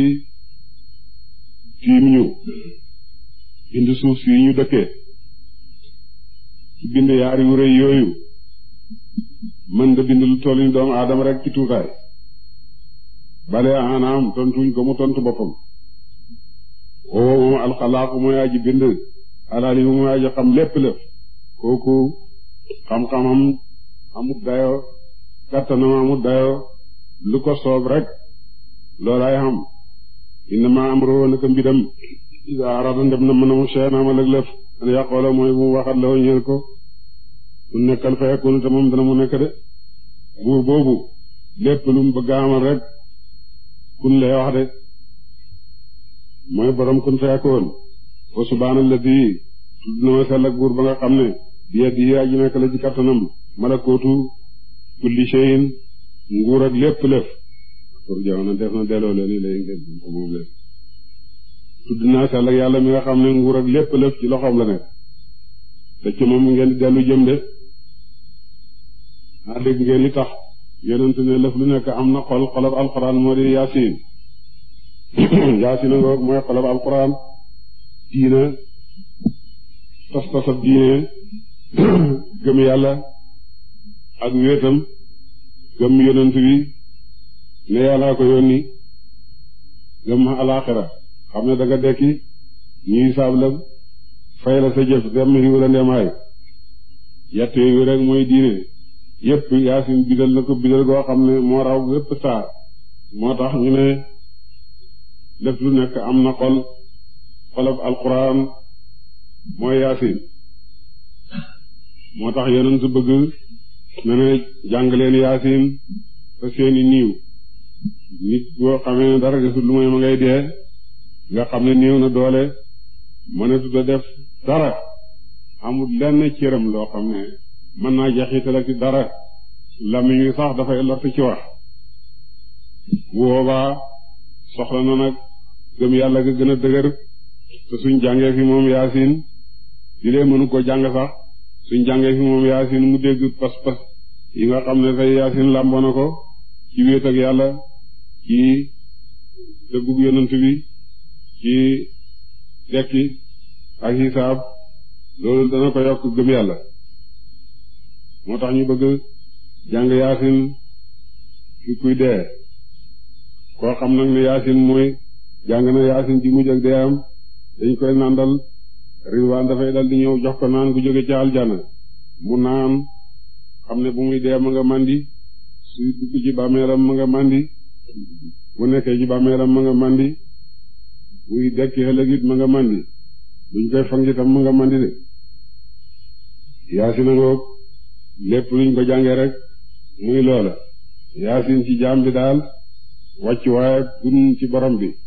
[SPEAKER 4] tiim ñu bind suuf si ñu dëkkee ci bind yaari wu rëy yooyu mën nga bind lu doomu aadama rek ci tuutaay bale anaam tontuñ ko mu tontu boppam woo moom alxalaaqu mooy aji bind alaali mooy aji xam lépp lépp kooku xam-xamam amut dayoo kattanam amut dayoo lu ko soob rek loolaay xam inna ma amruhu naka mbidam iza arada ndem na mën a mu seen amal ak lëf an yaqoola mooy mu waxat la ñeel ko mu nekkal fa yakunu te dana mu nekk de buur boobu lépp lu mu bëgg rek kun lay de mooy borom kun fa yakun wa subhaanal ladi tudd na ma sell buur ba nga xam ne bi yadihi aji nekk la ci kattanam malakootu kulli shay'in nguur ak lépp lëf pour jox na def na delloo leen lay ngeen tudd naa sell yàlla mi nga xam ne nguur ak lépp lëf ci loxoom la nekk te ci moom ngeen di dellu jëm de naa dégg ngeen li tax yonent ne lëf lu nekk am na xol xolab alxuraan moo di yaasin yaasin a ngoog mooy xolab alxuraan diina tas tasab diine gëm yàlla ak wéetam gëm yonent bi ne yàllaa ko yónni gëm alaaxira xam ne danga dekki ñuy saablam fay la sa jëf dem xiw la ndemaay yett yooyu mooy diine yépp yaasin bidal na ko bidal goo xam ne moo raw wépp saar moo tax ñu ne lépp lu nekk am na xol xolof alquran mooy yaasin moo tax yonent bëgg na ne jàng leen yaasin te seeni niiw nit boo xamee ne dara desul lu mooy ma ngay dee nga xam ne néew na doole mënatut a def dara amul lenn cëram loo xam ne mën naa jaxital ci dara làmmiñ wi sax dafay lott ci wax bu boobaa soxla na nag gëm yàlla ga gën a dëgër te suñ jàngee fi moom yaasin di lee mënu ko jàng sax suñ jàngee fi moom yaasin mu dégg pas-pas yi nga xam ne say yaasin làmboo na ko ci wéet yàlla ci dëggug loolu dana ko yokk gëm yàlla moo tax ñu bëgg jàng yaasin fi kuy dee koo xam nag ne yaasin mooy jàng na yaasin ji mujj ak dee am dañ koy nàndal ridwaan dafay dal di ñëw jox ko naan gu jóge ci aljana mu naan xam ne bu muy dee ma nga mandi suy dugg ci bàmmeelam ma nga mandi bu dekki ëllëgit ma nga mandi luñ koy fang itam nga mandi de yaasin lépp luñ ko jànge rek muy loola yaasin ci jaam bi daal wàcc waaye ci borom bi